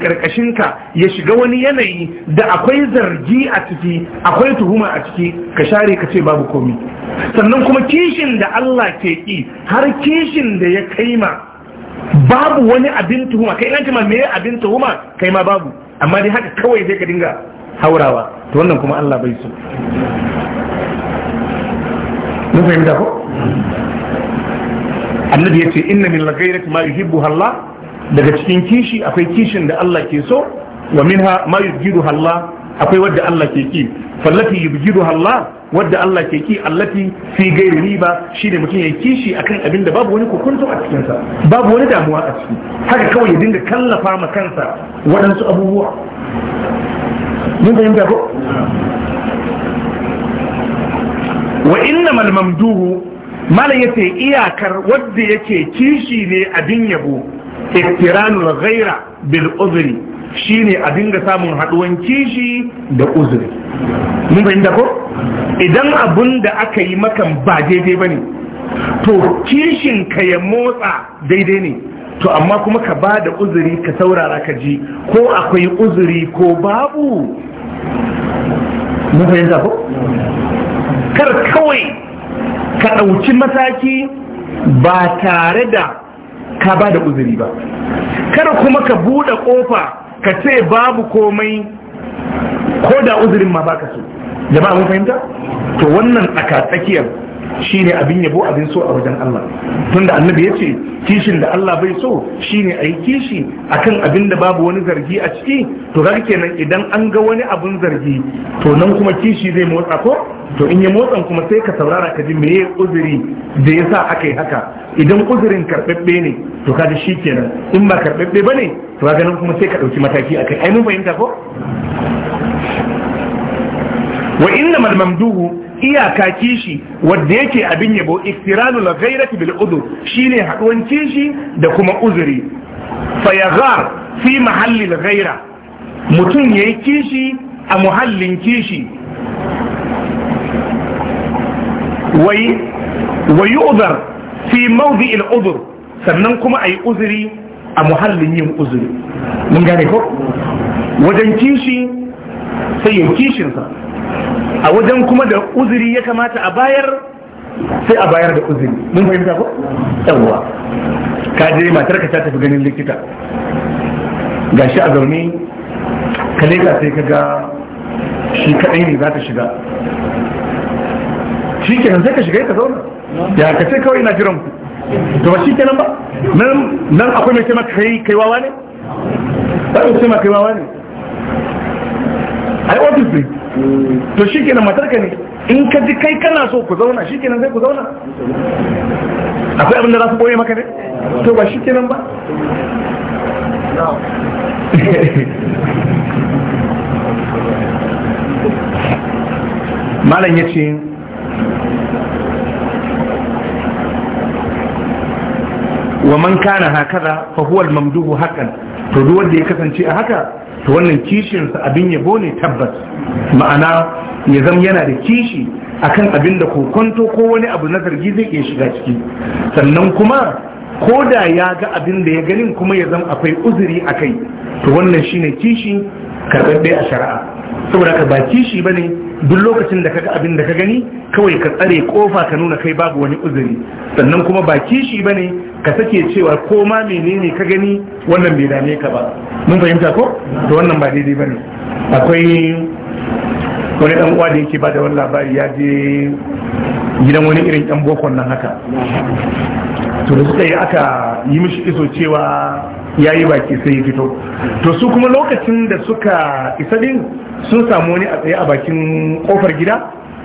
ka ya shiga wani yanayi da akwai zargi a ciki akwai tuhuma a ciki ka share ka ce babu komi sannan kuma kishin da Allah ke ki har kishin da ya kaima babu wani abin tuhuma kai an ma me abin tuhuma kai ma babu amma dai haka kawai zai ka dinga haurawa to wannan kuma Allah bai so mun fahimta ko annabi ya ce inna min lagairati ma yuhibbu Allah daga cikin kishi akwai kishin da Allah ke so wa minha ma yujidu Allah akwai wadda Allah ke ki fallati yubjidu Allah wadda Allah ke ki allati fi gairi riba shine mutum ya kishi akan abin da babu wani kokonto a cikin sa babu wani damuwa a ciki haka kawai ya dinga kallafa ma kansa waɗansu abubuwa mun fahimta ko wa innamal mamduhu malam yace iyakar wadda yake kishi ne abin yabo iktiranul ghaira bil uzri shine a dinga samun haduwan kishi da uzuri mun fahimta ko idan abun da aka yi maka ba daidai bane to kishin ka ya motsa daidai ne to amma kuma ka ba da uzuri ka saurara ka ji ko akwai uzuri ko babu mun fahimta ko kar kawai ka ɗauki mataki ba tare da ka ba da uzuri ba kada kuma ka buɗe ƙofa ka ce babu komai ko da uzurin ma baka so jama'a mun fahimta to wannan aka tsakiyar shine abin yabo abin so a wajen Allah tunda annabi yace kishin da Allah bai so shine ayi kishi akan abin da babu wani zargi a ciki to kaga kenan idan an ga wani abun zargi to nan kuma kishi zai motsa ko to in ya motsa kuma sai ka saurara ka ji meye uzuri da yasa aka yi haka idan uzurin karbabbe ne to kaga shikenan in ba karbabbe bane to ga nan kuma sai ka ɗauki mataki kai, ai mun fahimta ko wa inna mamduhu iyaka kishi wanda yake abin yabo iktiranu la ghairati bil udhr shine haduwan kishi da kuma uzuri fa yaghar fi mahalli al ghaira mutun yayi kishi a muhallin kishi wai wa yu'dhar fi mawdi al udhr sannan kuma yi uzuri a muhallin yin uzuri mun gane ko wajen kishi sai kishin kishinsa a wajen kuma da uzuri ya kamata a bayar sai a bayar da uzuri mun fahimta ko yawwa ka je matar ka ta tafi ganin likita gashi a zaune ka leka sai ka ga shi kadai ne za ta shiga shi kenan sai ka shiga ka zauna ya ka ce kawai ina jiran ku to ba shi kenan ba nan nan akwai mai taimaka kai kai wawa ne ba mai taimaka kai wawa ne ai ofis ne to shi kenan ka ne in ka ji kai kana so ku zauna shi kenan sai ku zauna akwai abin da za su boye maka ne to ba shi kenan ba malam ya ce wa man kana hakaza fa huwa al-mamduhu hakan to duk wanda ya kasance a haka to wannan kishin sa abin yabo ne tabbas ma'ana ya zam yana da kishi akan abin da kokonto ko wani abu na zargi zai iya shiga ciki sannan kuma ko da ya ga abin da ya ganin kuma ya zama akwai uzuri a kai to wannan shine kishi karɓaɓɓe a shari'a saboda ka ba kishi bane duk lokacin da kaga abin da ka gani kawai ka tsare kofa ka nuna kai babu wani uzuri sannan kuma ba kishi bane ka sake cewa ko ma menene ka gani wannan bai dame ka ba mun fahimta ko to wannan ba daidai bane akwai wani dan uwa da yake ba da wani labari ya je gidan wani irin yan bokon nan haka to da suka yi aka yi mishi iso cewa ya yi baki sai ya fito to su kuma lokacin da suka isa din sun samu wani a tsaye a bakin kofar gida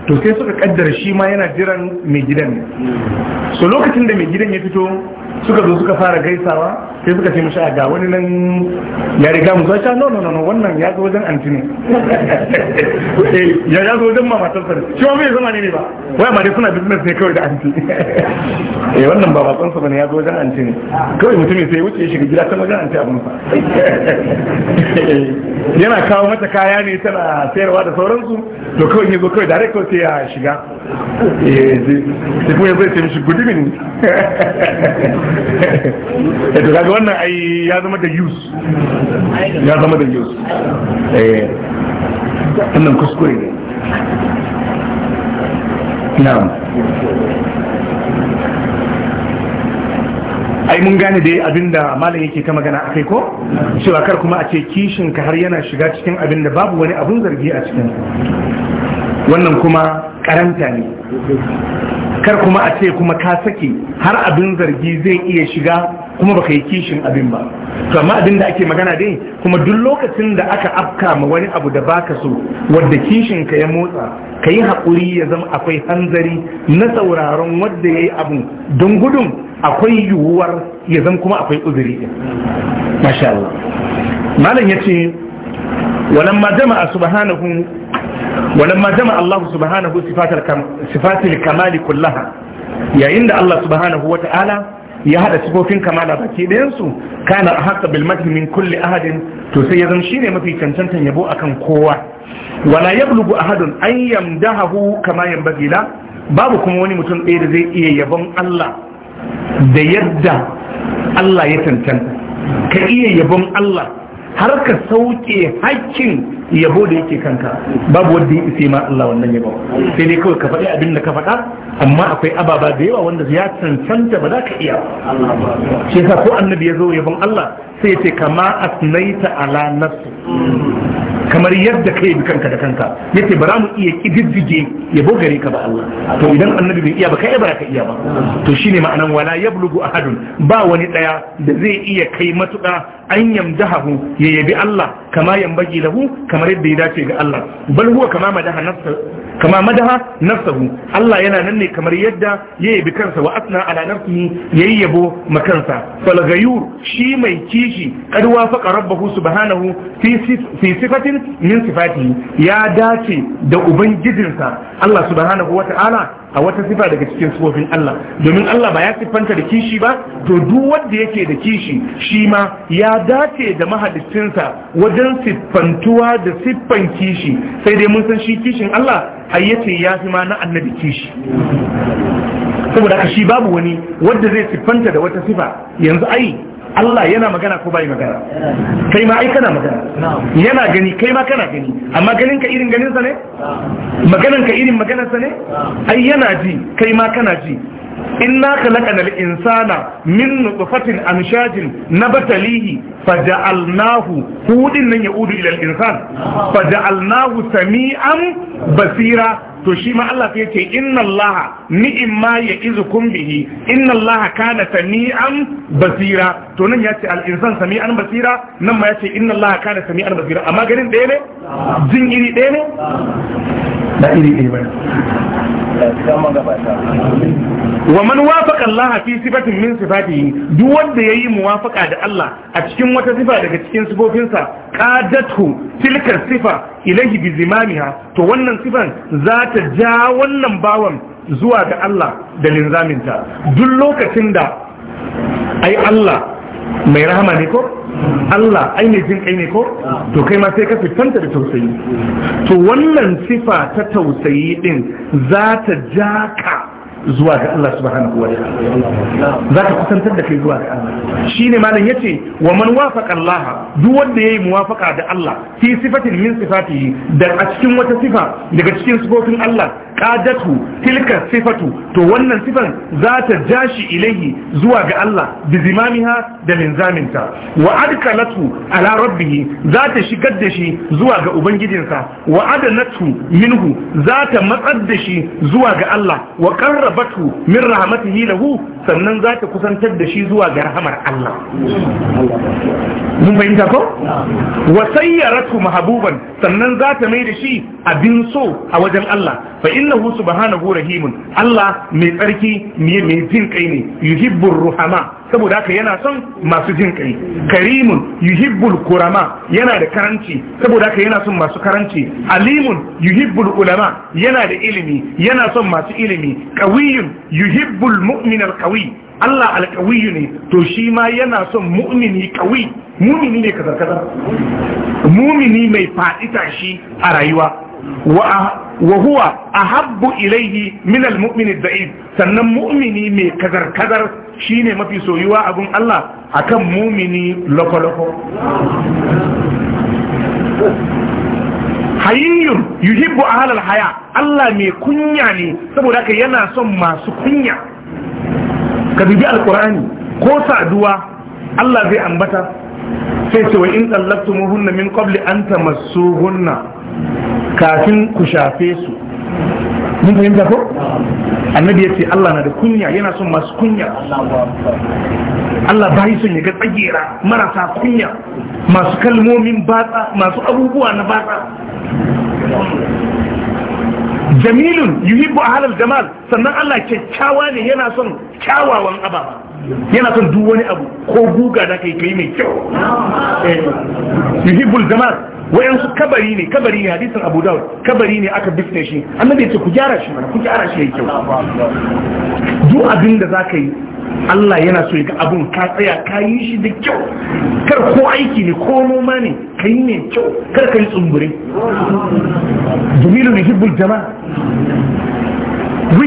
to sai suka kaddara shi ma yana jiran mai gidan ne so lokacin da mai gidan ya fito suka zo suka fara gaisawa sai suka ce mishi a ga wani nan ya riga mu zai no no no wannan ya zo wajen anti ne eh, ya zo wajen mamatar sa shi ma bai zama ne ne ba wai ma dai suna business ne kawai da anti eh wannan ba bakon sa bane ya zo wajen anti ne kawai mutumin sai wuce shi gida ta wajen anti abun sa eh, yana kawo mata kaya ne tana sayarwa da sauransu to kawai ya zo kawai direct ko sai ya shiga eh sai kuma ya zai ce mishi good evening eh wannan ya zama da use ya zama da use eh wannan kuskure ne ai mun gane dai abinda malam yake ta magana akai ko cewa kar kuma a ce kishin ka har yana shiga cikin abinda babu wani abun zargi a cikin wannan kuma karanta ne kar kuma a ce kuma ka sake har abin zargi zai iya shiga kuma baka yi kishin abin ba to amma abin da ake magana dai kuma duk lokacin da aka afka ma wani abu da baka so wanda kishin ka ya motsa ka yi haƙuri ya zama akwai hanzari na sauraron wanda ya yi abu don gudun akwai yiwuwar ya zama kuma akwai uzuri din masha Allah malam yace walamma jama'a subhanahu ولما جمع الله سبحانه صفات, الكم... صفات الكمال كلها yayin da Allah subhanahu wa ta'ala ya haɗa sifofin kamala baki ɗayansu kana a haka bilmati min kulli ahadin to sai ya zama shi ne mafi cancantan yabo akan kowa wala ya bulugu ahadun an yamdahu kama yambagi la babu kuma wani mutum ɗaya da zai iya yabon Allah da yadda Allah ya cancanta ka iya yabon Allah har ka sauke hakkin yabo da yake kanka babu wanda ya isa ma Allah wannan yabo sai dai kawai ka faɗi abin da ka faɗa amma akwai ababa da yawa wanda ya cancanta ba za ka iya shi yasa ko annabi ya zo yabon Allah sai ya ce kama asnaita ala nafsi kamar yadda kai bi kanka da kanka yace bara mu iya kididdige yabo gare ka ba Allah to idan annabi bai iya ba kai ba ka iya ba to shine ma'anan wala yablugu ahadun ba wani daya da zai iya kai matuƙa an yamdahu ya yabi Allah kama yambagi lahu kamar yadda ya dace ga Allah bal huwa kama madaha nafsa kama madaha nafsahu Allah yana nan ne kamar yadda ya yabi kansa wa asna ala nafsihi yayi yabo makansa fal ghayur shi mai kishi kad wafaqa rabbahu subhanahu fi sifatin min sifatihi ya dace da ubangijinsa Allah subhanahu wata'ala a wata sifa daga cikin sufofin Allah domin Allah ba ya siffanta da kishi ba to duk wanda yake da kishi shi ma ya dace da mahaliccinsa wajen siffantuwa da siffan kishi sai dai mun san shi kishin Allah ayyace ya fi ma na annabi kishi saboda haka shi babu wani wanda zai siffanta da wata sifa yanzu ai Allah yana magana ko bai magana kai ma ai kana magana yana gani kai ma kana gani amma ganin ka irin ganin sa ne maganan ka irin maganar sa ne ai yana ji kai ma kana ji inna khalaqana al-insana min nutfatin amshajin nabatalihi faja'alnahu hudin nan ya yaudu ila al-insan faja'alnahu sami'an basira to shi ma Allah sai ce inna Allah izu ya'izukum bihi inna Allah kana sami'an basira to nan ya ce al-insan sami'an basira nan ma ya ce inna Allah kana sami'an basira amma garin ɗaya ne jin iri ɗaya ne Da iri ɗaya ba wa man wafaqa Allah fi sifatin min sifatihi duk wanda yayi muwafaqa da Allah a cikin wata sifa daga cikin sifofinsa qadatu tilka sifa ilahi bi zimamiha to wannan sifan za ta ja wannan bawan zuwa ga Allah da linzaminta duk lokacin da ai Allah mai rahama ne ko Allah ainihin kai ne ko ah. to kai ma sai ka fitanta da tausayi to wannan sifa ta tausayi din za ta ja ka zuwa ga Allah subhanahu wa ta'ala zaka kusantar da kai zuwa ga Allah shine malam yace wa man wafaqa Allah duk wanda yayi muwafaqa da Allah fi sifatin min sifatihi da a cikin wata sifa daga cikin sifofin Allah qadatu tilka sifatu to wannan sifan za ta jashi ilaihi zuwa ga Allah bi zimamiha da minzaminta wa adkalatu ala rabbih za ta shigar da shi zuwa ga ubangijinsa wa adanatu minhu za ta matsar da shi zuwa ga Allah wa qarrab Batu min rahmatihi lahu sannan zata kusantar da shi zuwa ga rahamar Allah mun fahimta ko wa sayyaratu mahbuban sannan zata mai da shi abin so a wajen Allah fa innahu subhanahu rahimun Allah mai tsarki ne mai jin kai ne yuhibbur ruhama saboda haka yana son masu jin kai karimun yuhibbul kurama yana da karanci saboda haka yana son masu karanci alimun yuhibbul ulama yana da ilimi yana son masu ilimi qawiyun yuhibbul mu'min alqawi Allah alqawiyu ne to shi ma yana son mu'mini qawi mu'mini ne kaza kaza mu'mini mai fadi tashi a rayuwa wa wa huwa ahabbu ilaihi min almu'min da'if sannan mu'mini mai kazar kazar shine mafi soyuwa abin Allah akan mu'mini loko loko hayyun yuhibbu ahlal haya Allah mai kunya ne saboda haka yana son masu kunya ka bibi alqur'ani ko saduwa Allah zai ambata sai ce wa in tallaqtumuhunna min qabli an tamassuhunna kafin ku shafe su mun fahimta ko annabi ya ce Allah na da kunya yana son masu kunya Allah ba yi son ya ga tsagera marasa kunya masu kalmomin batsa masu abubuwa na batsa jamilun yuhibbu ahlal jamal sannan Allah kyakkyawa ne yana son kyawawan ababa yana son duk wani abu ko guga da kai kai mai kyau eh, yuhibbul jamal wayansu kabari ne kabari ne hadisin abu dawud kabari ne aka bisne shi annabi ya ce ku gyara shi mana ku gyara shi yake kyau duk abin da ka yi Allah yana so ga abun ka tsaya ka yi shi da kyau kar ko aiki ne ko noma ne ka yi ne kyau kar ka yi tsumbure jamilu hibbul jama'a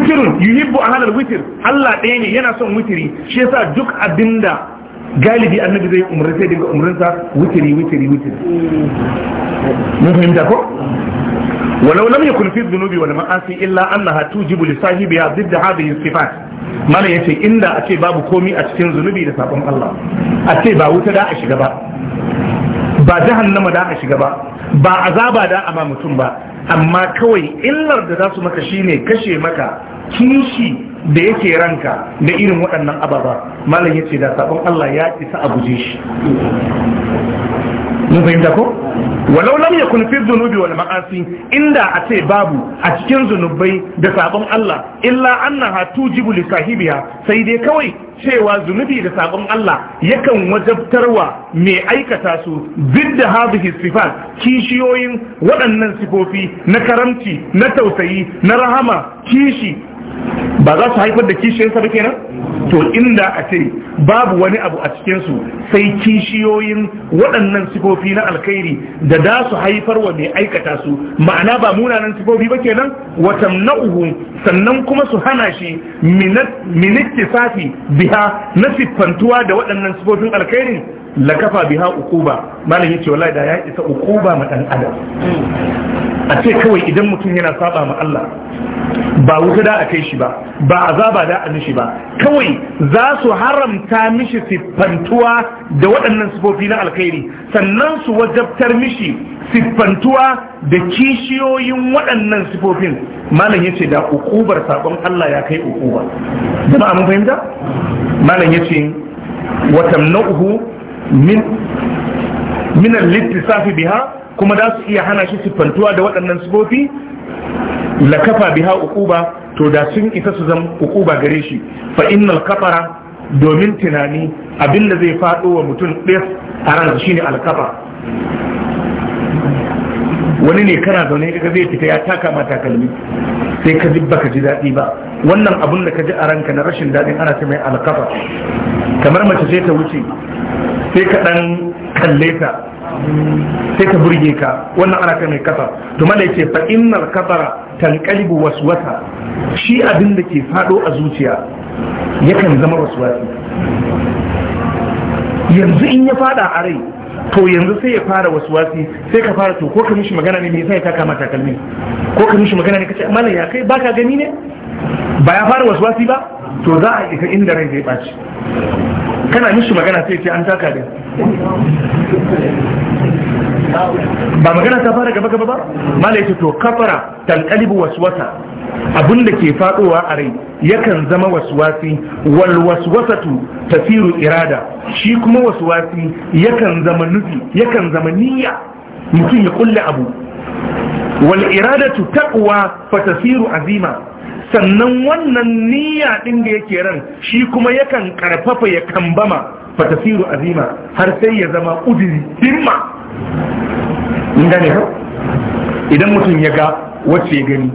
hibbu yuhibbu ahadal witir Allah ɗaya ne yana son witiri shi yasa duk abinda galibi annabi zai umarni sai dinga umarninsa wutiri wutiri wutiri mun fahimta ko ولو لم يكن في الذنوب والمعاصي الا انها توجب لصاحبها ضد هذه Sifat. mana yace inda a ce babu komi a cikin zunubi da sabon Allah a ce ba wuta da a shiga ba ba jahannama da a shiga ba ba azaba da ama mutum ba amma kawai illar da za su maka shine kashe maka kishi da yake ranka da irin waɗannan ababa malam ya ce da sabon Allah ya isa a guje shi mun fahimta ko walau lam yakun fi dhunubi wal ma'asi inda a ce babu a cikin zunubai da sabon Allah illa annaha tujibu li sahibiha sai dai kawai cewa zunubi da sabon Allah yakan wajabtarwa mai aikata su bidda hadhihi sifat kishiyoyin waɗannan sifofi na karamci na tausayi na rahama kishi ba za su haifar da kishiyarsa ba kenan to inda a ce babu wani abu a cikinsu sai kishiyoyin waɗannan sifofi na alkhairi da da su haifar wa mai aikata su ma'ana ba munanan sifofi ba kenan watan na'uhu sannan kuma su hana shi minitti safi biha na siffantuwa da waɗannan sifofin alkhairi lakafa biha ukuba malamin yace wallahi da ya isa ukuba ma dan adam a ce kawai idan mutum yana saba ma Allah ba wuta da a kai shi ba ba azaba da a shi ba kawai za su haramta mishi siffantuwa da waɗannan sifofi na alkhairi sannan su wajabtar mishi siffantuwa da kishiyoyin waɗannan sifofin malam yace da ukubar sabon Allah ya kai ukuba jama'a mun fahimta malam yace wa tamna'uhu min min al-ittisafi biha kuma da su iya hana shi siffantuwa da waɗannan sifofi Lakafa biha Ukuba, to da sun isa su zama Ukuba gare shi fa innal kafara domin tunani abin da zai faɗo wa mutum ɗaya a shi ne alkafa wani ne kana zaune kaga zai fita ya taka ma takalmi sai ka ji baka ji daɗi ba wannan abin da ka ji a ranka na rashin daɗin ana ta mai alkafa kamar mace sai ta wuce sai ka ɗan kalle ta sai ka burge ka wannan ana kai mai kasa to mala yace fa innal kasara talqalibu waswasa shi abin da ke fado a zuciya yakan zama waswasi yanzu in ya fada a rai to yanzu sai ya fara waswasi sai ka fara to ko ka mishi magana ne me sai ka kama takalmi ko ka mishi magana ne kace mallan ya kai baka gani ne ba ya fara waswasi ba to za a isa inda rai zai baci kana mishi magana sai ce an taka da ba magana ta fara gaba gaba ba mala to kafara talqalibu waswasa abin da ke fadowa a rai yakan zama waswasi wal waswasatu tasiru irada shi kuma waswasi yakan zama nufi yakan zama niyya mutum ya kulle abu wal iradatu taqwa fa tasiru azima sannan wannan niyya din da yake ran shi kuma yakan karfafa ya kambama fa tasiru azima har sai ya zama udiri himma idan mutum ya ga wacce ya gani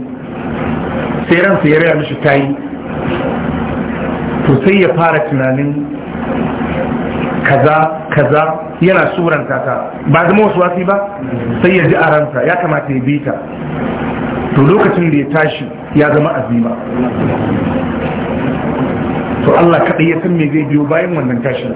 sai ransa ya raya mishi yi, to sai ya fara tunanin kaza kaza yana suranta ta ba zama wasu wasi ba sai ya ji a ransa ya kamata ya bi ta to lokacin da ya tashi ya zama azima to Allah kaɗai ya san me zai biyo bayan wannan tashin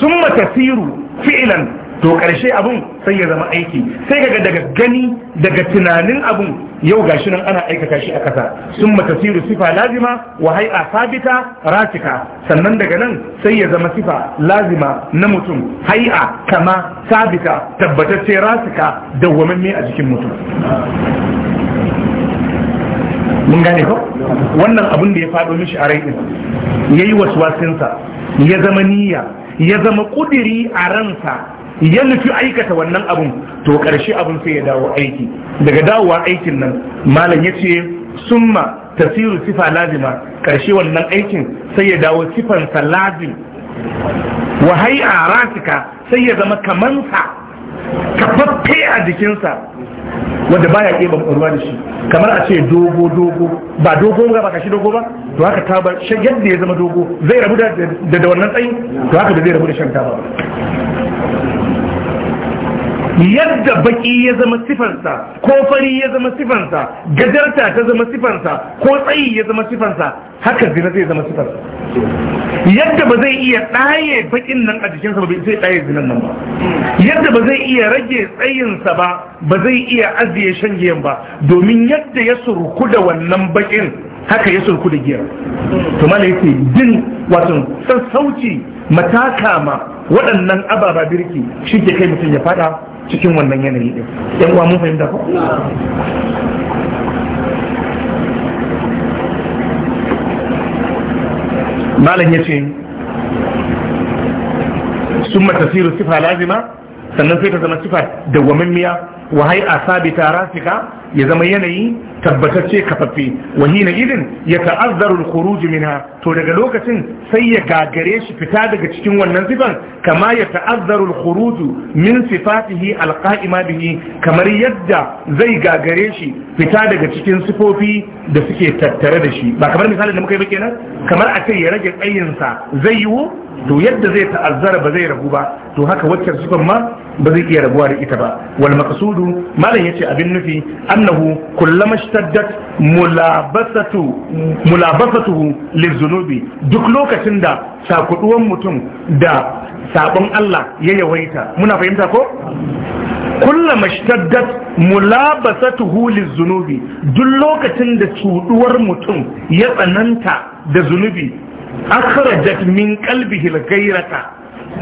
sun matasiru fi'lan to ƙarshe abun sai ya zama aiki sai kaga daga gani daga tunanin abun yau gashi nan ana aikata shi a ƙasa sun matasiru sifa lazima wa hay'a sabita ratika sannan daga nan sai ya zama sifa lazima na mutum Hai'a kama sabita tabbatacce ratika dawwamamme a jikin mutum mun gane ko wannan abun da ya faɗo mishi a rai din yayi wasuwasinsa ya zama niyya ya zama kudiri a ransa ya nufi aikata wannan abun to ƙarshe abun sai ya dawo aiki daga dawowa aikin nan malam ya ce summa tasiru sifa lazima ƙarshe wannan aikin sai ya dawo sifansa lazim wa hai a rasika sai ya zama kamansa kafaffe a jikinsa wanda baya ke ruwa da shi kamar a ce dogo dogo ba dogo ba ba shi dogo ba to haka ta bar yadda ya zama dogo zai rabu da da wannan tsayi to haka da zai rabu da shan taba yadda baki ya zama sifansa ko fari ya zama sifansa gadarta ta zama sifansa ko tsayi ya zama sifansa haka zina zai zama sifansa yadda ba zai iya ɗaye bakin nan a jikinsa ba zai ɗaye zinan nan ba yadda ba zai iya rage tsayinsa ba ba zai iya ajiye shangiyan ba domin yadda ya surku da wannan bakin haka ya surku da giyar to mana yake din wato sassauci matakama waɗannan ababa birki shi ke kai mutum ya fada cikin wannan yanayi ɗin yan uwa mun fahimta ko malam ya ce sun matasiru sifa lazima sannan sai ta zama sifa da wa hai a sabita rasika ya zama yanayi tabbatacce kafaffe wahina idin ya ta'azzaru khuruj minha to daga lokacin sai ya gagare shi fita daga cikin wannan sifan kama ya ta'azzaru khuruj min sifatihi alqa'ima bihi kamar yadda zai gagare shi fita daga cikin sifofi da suke tattare da shi ba kamar misalin da muka yi ba kenan kamar a ce ya rage tsayinsa zai yiwu to yadda zai ta'azzara ba zai rabu ba to haka waccan sifan ma ba zai iya rabuwa da ita ba wal maqsudu malam yace abin nufi an annahu kullama shtaddat mulabasatu mulabasatuhu lizunubi duk lokacin da sakuduwan mutum da sabon Allah ya yawaita muna fahimta ko kullama shtaddat mulabasatuhu lizunubi duk lokacin da cuduwar mutum ya tsananta da zunubi akhrajat min qalbihi al-ghayrata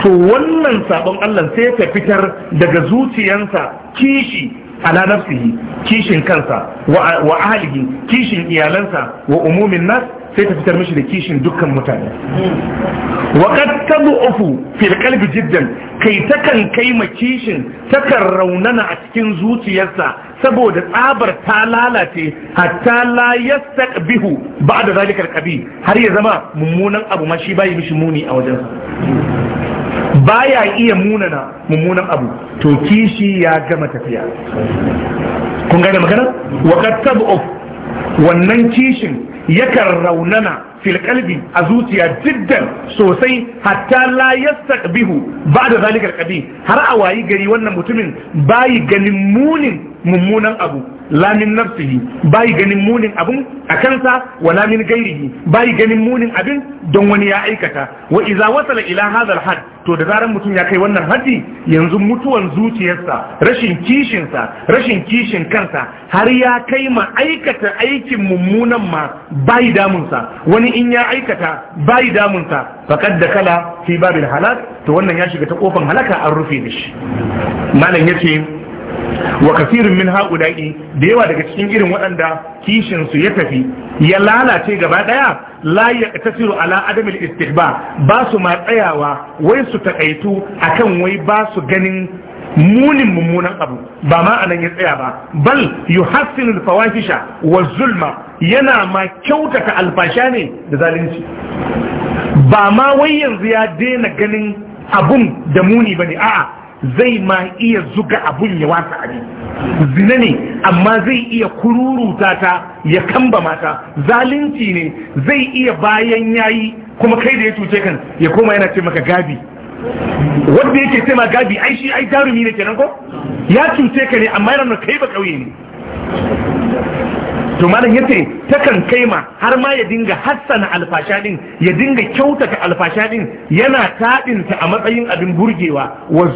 to wannan sabon Allah sai ta fitar daga zuciyarsa kishi ala nafsihi kishin kansa wa ahlihi kishin iyalansa wa umumin nas sai ta fitar mishi da kishin dukkan mutane wa kad ufu fi alqalbi jiddan kai takan kai ma kishin takan raunana a cikin zuciyarsa saboda tsabar ta lalace hatta la yastaqbihu ba'da zalika alqabi har ya zama mummunan abu ma shi bai mishi muni a wajensa baya iya munana mummunan abu to kishi ya gama tafiya kun gane magana wa qad wannan kishin yakan raunana fil qalbi a zuciya jiddan sosai hatta la yastaqbihu ba'da zalika alqabi har a wayi gari wannan mutumin bayi ganin munin mummunan abu Lamin nafsihi bai ganin munin abin a kansa wa lamin gairihi bai ganin munin abin don wani ya aikata wa idza wasala ila hadha had to da zaran mutum ya kai wannan haddi yanzu mutuwan zuciyarsa rashin kishin sa rashin kishin kansa har ya kai ma aikata aikin mummunan ma bai damun sa wani in ya aikata bai damun sa faqad dakala fi babil halak to wannan ya shiga ta kofan halaka an rufe da shi. malam yace wa kafirin min da yawa daga cikin irin waɗanda kishinsu ya tafi ya lalace gaba ɗaya layi ta siru ala adamil istihba ba su ma tsayawa wai su taƙaitu akan wai ba su ganin munin mummunan abu ba ma anan ya tsaya ba bal yuhassinul fawahisha wa zulma yana ma kyautata alfasha ne da zalunci ba ma wai yanzu ya daina ganin abun da muni bane a'a zai ma iya zuga abun ya wasa abi zina ne amma zai iya kururuta ta ya kamba mata zalunci ne zai iya bayan yayi kuma kai da ya cuce kan ya koma yana ce maka gabi wanda yake ce ma gabi ai shi ai jarumi ne kenan ko ya cuce ka ne amma yana kai ba kauye ne to malam yace takan ma har ma ya dinga hassana alfasha din ya dinga kyautata alfasha din yana tadin ta a matsayin abin burgewa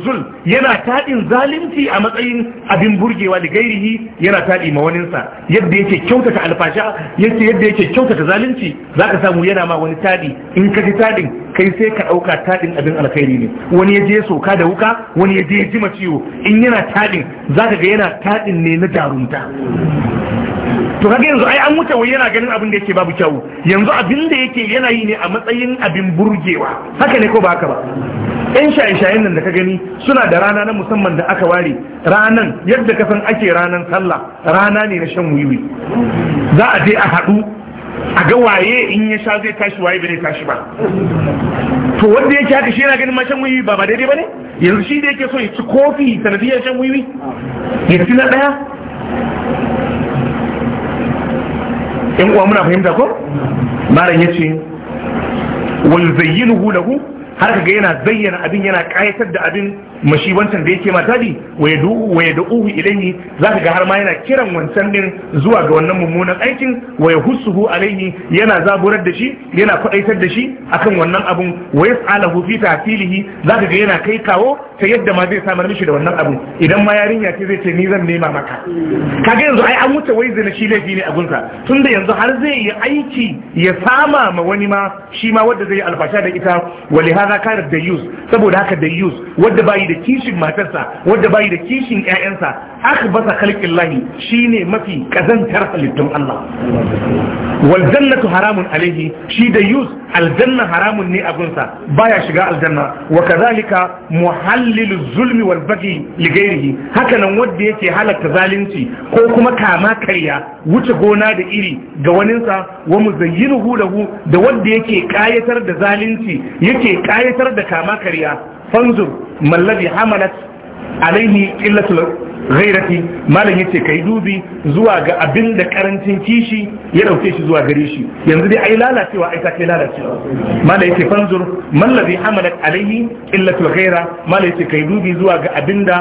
zul yana taɗin zalunci a matsayin abin burgewa da gairihi yana tadi ma wani sa yadda yake kyautata alfasha yace yadda yake kyautata zalunci zaka samu yana ma wani taɗi in ka ji tadin kai sai ka ɗauka taɗin abin alkhairi ne wani ya je soka da wuka wani ya je jima ciwo in yana tadin zaka ga yana tadin ne na jarumta to kaga yanzu ai an wuce wai yana ganin abin da yake babu kyau yanzu abin da yake yana yi ne a matsayin abin burgewa haka ne ko ba haka ba yan shaye nan da ka gani suna da rana na musamman da aka ware ranan yadda ka san ake ranan sallah rana ne na shan wiwi za a je a haɗu a ga waye in ya sha zai tashi waye bai tashi ba to wanda yake haka shi yana ganin ma shan wiwi ba ba daidai ba ne yanzu shi da yake so ya ci kofi sanadiyar shan wiwi ya ci na ɗaya yan uwa muna fahimta ko malam yace wal zayyinuhu ku? har ka ga yana zayyana abin yana kayatar da abin mashi wancan da yake mata bi wa ya da'uhu ilayhi za ka ga har ma yana kiran wancan din zuwa ga wannan mummunan aikin wa ya hussuhu alayhi yana zaburar da shi yana kwadaitar da shi akan wannan abun wa hufi fi filihi za ka ga yana kai kawo ta yadda ma zai samar mishi da wannan abun? idan ma yarinya ce zai ce ni zan nema maka kaga yanzu ai an wuce wai zina shi laifi ne a gunsa da yanzu har zai yi aiki ya sama ma wani ma shi ma wadda zai yi alfasha da ita wa haza karar da yus saboda haka da yus wadda bayi da kishin matarsa wadda bayi da kishin ƴaƴansa aka basa khalqin lahi shine mafi kazantar halittun Allah wal jannatu haramun alaihi shi da yus aljanna haramun ne abun sa baya shiga aljanna wa kadhalika muhallilu zulmi wal baghi li ghairihi haka nan wanda yake halarta zalunci ko kuma kama karya wuce gona da iri ga waninsa wa muzayyinuhu lahu da wanda yake kayatar da zalunci yake kayatar da kama kariya fanzur mallabi hamalat alaihi illatul ghairati malam yace kai dubi zuwa ga abin da karancin kishi ya dauke shi zuwa gare shi yanzu dai ai lalacewa ai ta kai lalacewa malam yace fanzur mallabi hamalat alaihi illatul ghaira malam yace kai dubi zuwa ga abin da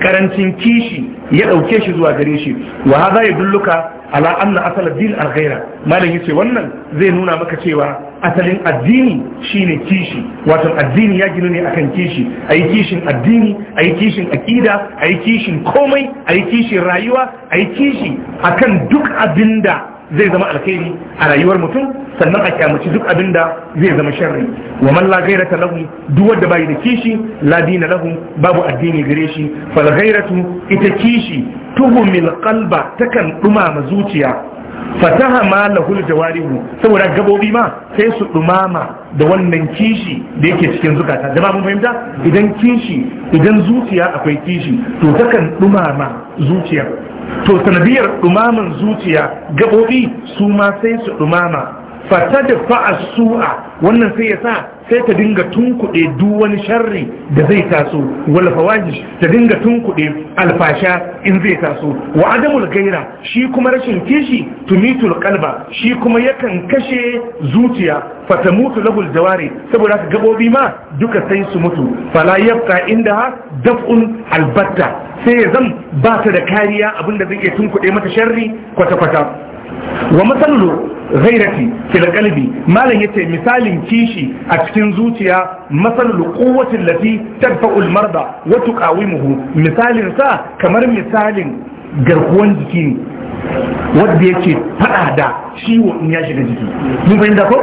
karancin kishi ya dauke shi zuwa gare shi wa ya yadulluka ala anna asal ad-din al-ghayra malam yace wannan zai nuna maka cewa asalin addini shine kishi wato addini ya ginu ne akan kishi ayi kishin addini ayi kishin akida ayi kishin komai ayi kishin rayuwa ayi kishi akan duk abinda zai zama alkhairi a rayuwar mutum sannan a kyamaci duk abin da zai zama sharri wa man la ghayrata lahu duk wanda bai da kishi la dina lahu babu addini gare shi fal ghayratu ita kishi tuhumil qalba takan dumama zuciya fataha ma lahul jawarihu saboda gabobi ma sai su dumama da wannan kishi da yake cikin zukata da mun fahimta idan kishi idan zuciya akwai kishi to takan dumama zuciya to sanadiyar dumaman zuciya gabobi su ma sai su dumama fata da fa'a su'a wannan sai ya sa sai ta dinga tunkuɗe duk wani sharri da zai taso wal fawahish ta dinga tunkuɗe alfasha in zai taso wa adamul gaira shi kuma rashin kishi tumitul kalba shi kuma yakan kashe zuciya fata mutu lahul jawari saboda ka gabobi ma duka sai su mutu fala yabqa indaha daf'un albatta sai ya zan ba ta da kariya abinda zai iya tunkuɗe mata sharri kwata-kwata wa matsalolo ghairati fil qalbi malam yace misalin kishi a cikin zuciya masalul quwwati allati tadfa'u al marda wa tuqawimuhu misalin sa kamar misalin garkuwan jiki ne wanda yake fada da ciwo in ya shiga jiki mun fahimta ko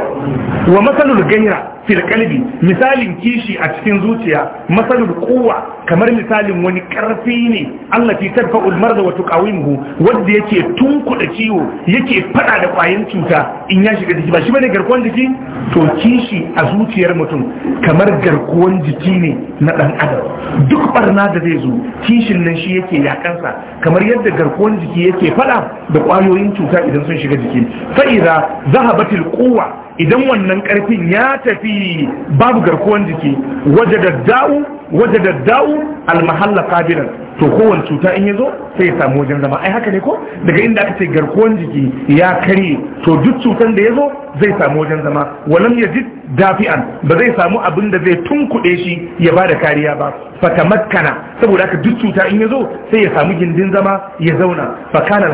wa masalul gaira Filkalbi, misalin kishi a cikin zuciya masalul quwwa kamar misalin wani karfi ne Allah fi tadfa'u al-marda wa tuqawimuhu wanda yake tunkuda ciwo yake fada da kwayan cuta in ya shiga jiki ba shi bane garkuwan jiki to kishi a zuciyar mutum kamar garkuwan jiki ne na ɗan adam duk barna da zai zo kishin nan shi yake yakansa kamar yadda garkuwan jiki yake fada da kwayoyin cuta idan sun shiga jiki fa idza zahabatil quwwa idan wannan karfin ya tafi babu garkuwan jiki waje da da'u wajada da'u almahalla qabilan to kowane cuta in zo sai ya samu wajen zama ai haka ne ko daga inda aka ce garkuwan jiki ya kare to duk cutan da yazo zai samu wajen zama walam ya ji dafi'an ba zai samu abin da zai tunkuɗe shi ya bada kariya ba fata makkana saboda haka duk cuta in ya zo sai ya samu gindin zama ya zauna fakanan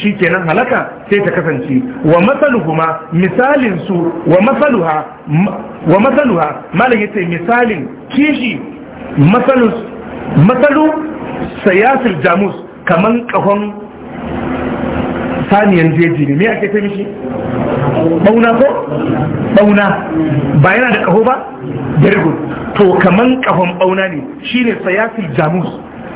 shi kenan halaka sai ta kasance wa masaluhuma misalin su wa masaluha wa matsaluwa malin ya ce misalin kishi matsalu sayasir jamus kaman kahon saniyan jeji ne mai ake ta bauna ko bauna ba yana da kaho ba birgun to kaman kahon bauna ne shine sayasir jamus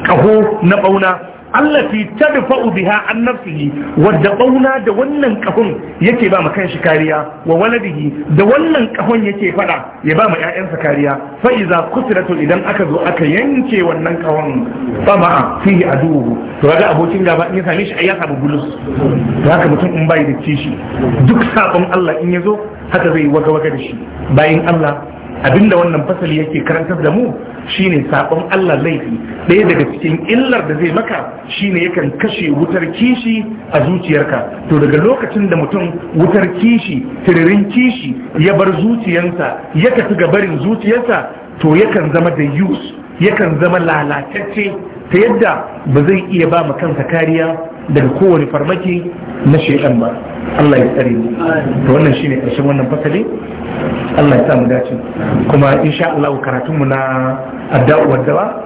kaho na bauna allati tadfa'u biha an nafsihi wadda bauna da wannan kahun yake ba ma kanshi kariya wa waladihi da wannan kahun yake fada ya ba ma ƴaƴansa kariya fa iza kusiratu idan aka zo aka yanke wannan kahun fama fihi aduhu to ga abokin gaba in ya same shi ai ya bulus haka mutum in bai da kishi duk sabon Allah in ya zo haka zai waka waka da shi bayin Allah abinda wannan fasali yake karantar da mu shine sabon Allah laifi ɗaya daga cikin illar da zai maka shine yakan kashe wutar kishi a zuciyarka to daga lokacin da mutum wutar kishi tiririn kishi ya bar zuciyarsa ya tafi ga barin zuciyarsa to yakan zama da yus yakan zama lalatacce ta yadda ba zai iya ba kansa kariya daga kowane farmaki na shekan ba Allah ya tsare mu to wannan shine karshen wannan fasali Allah ya sa mu dace kuma insha Allah karatun mu na addu'a wadda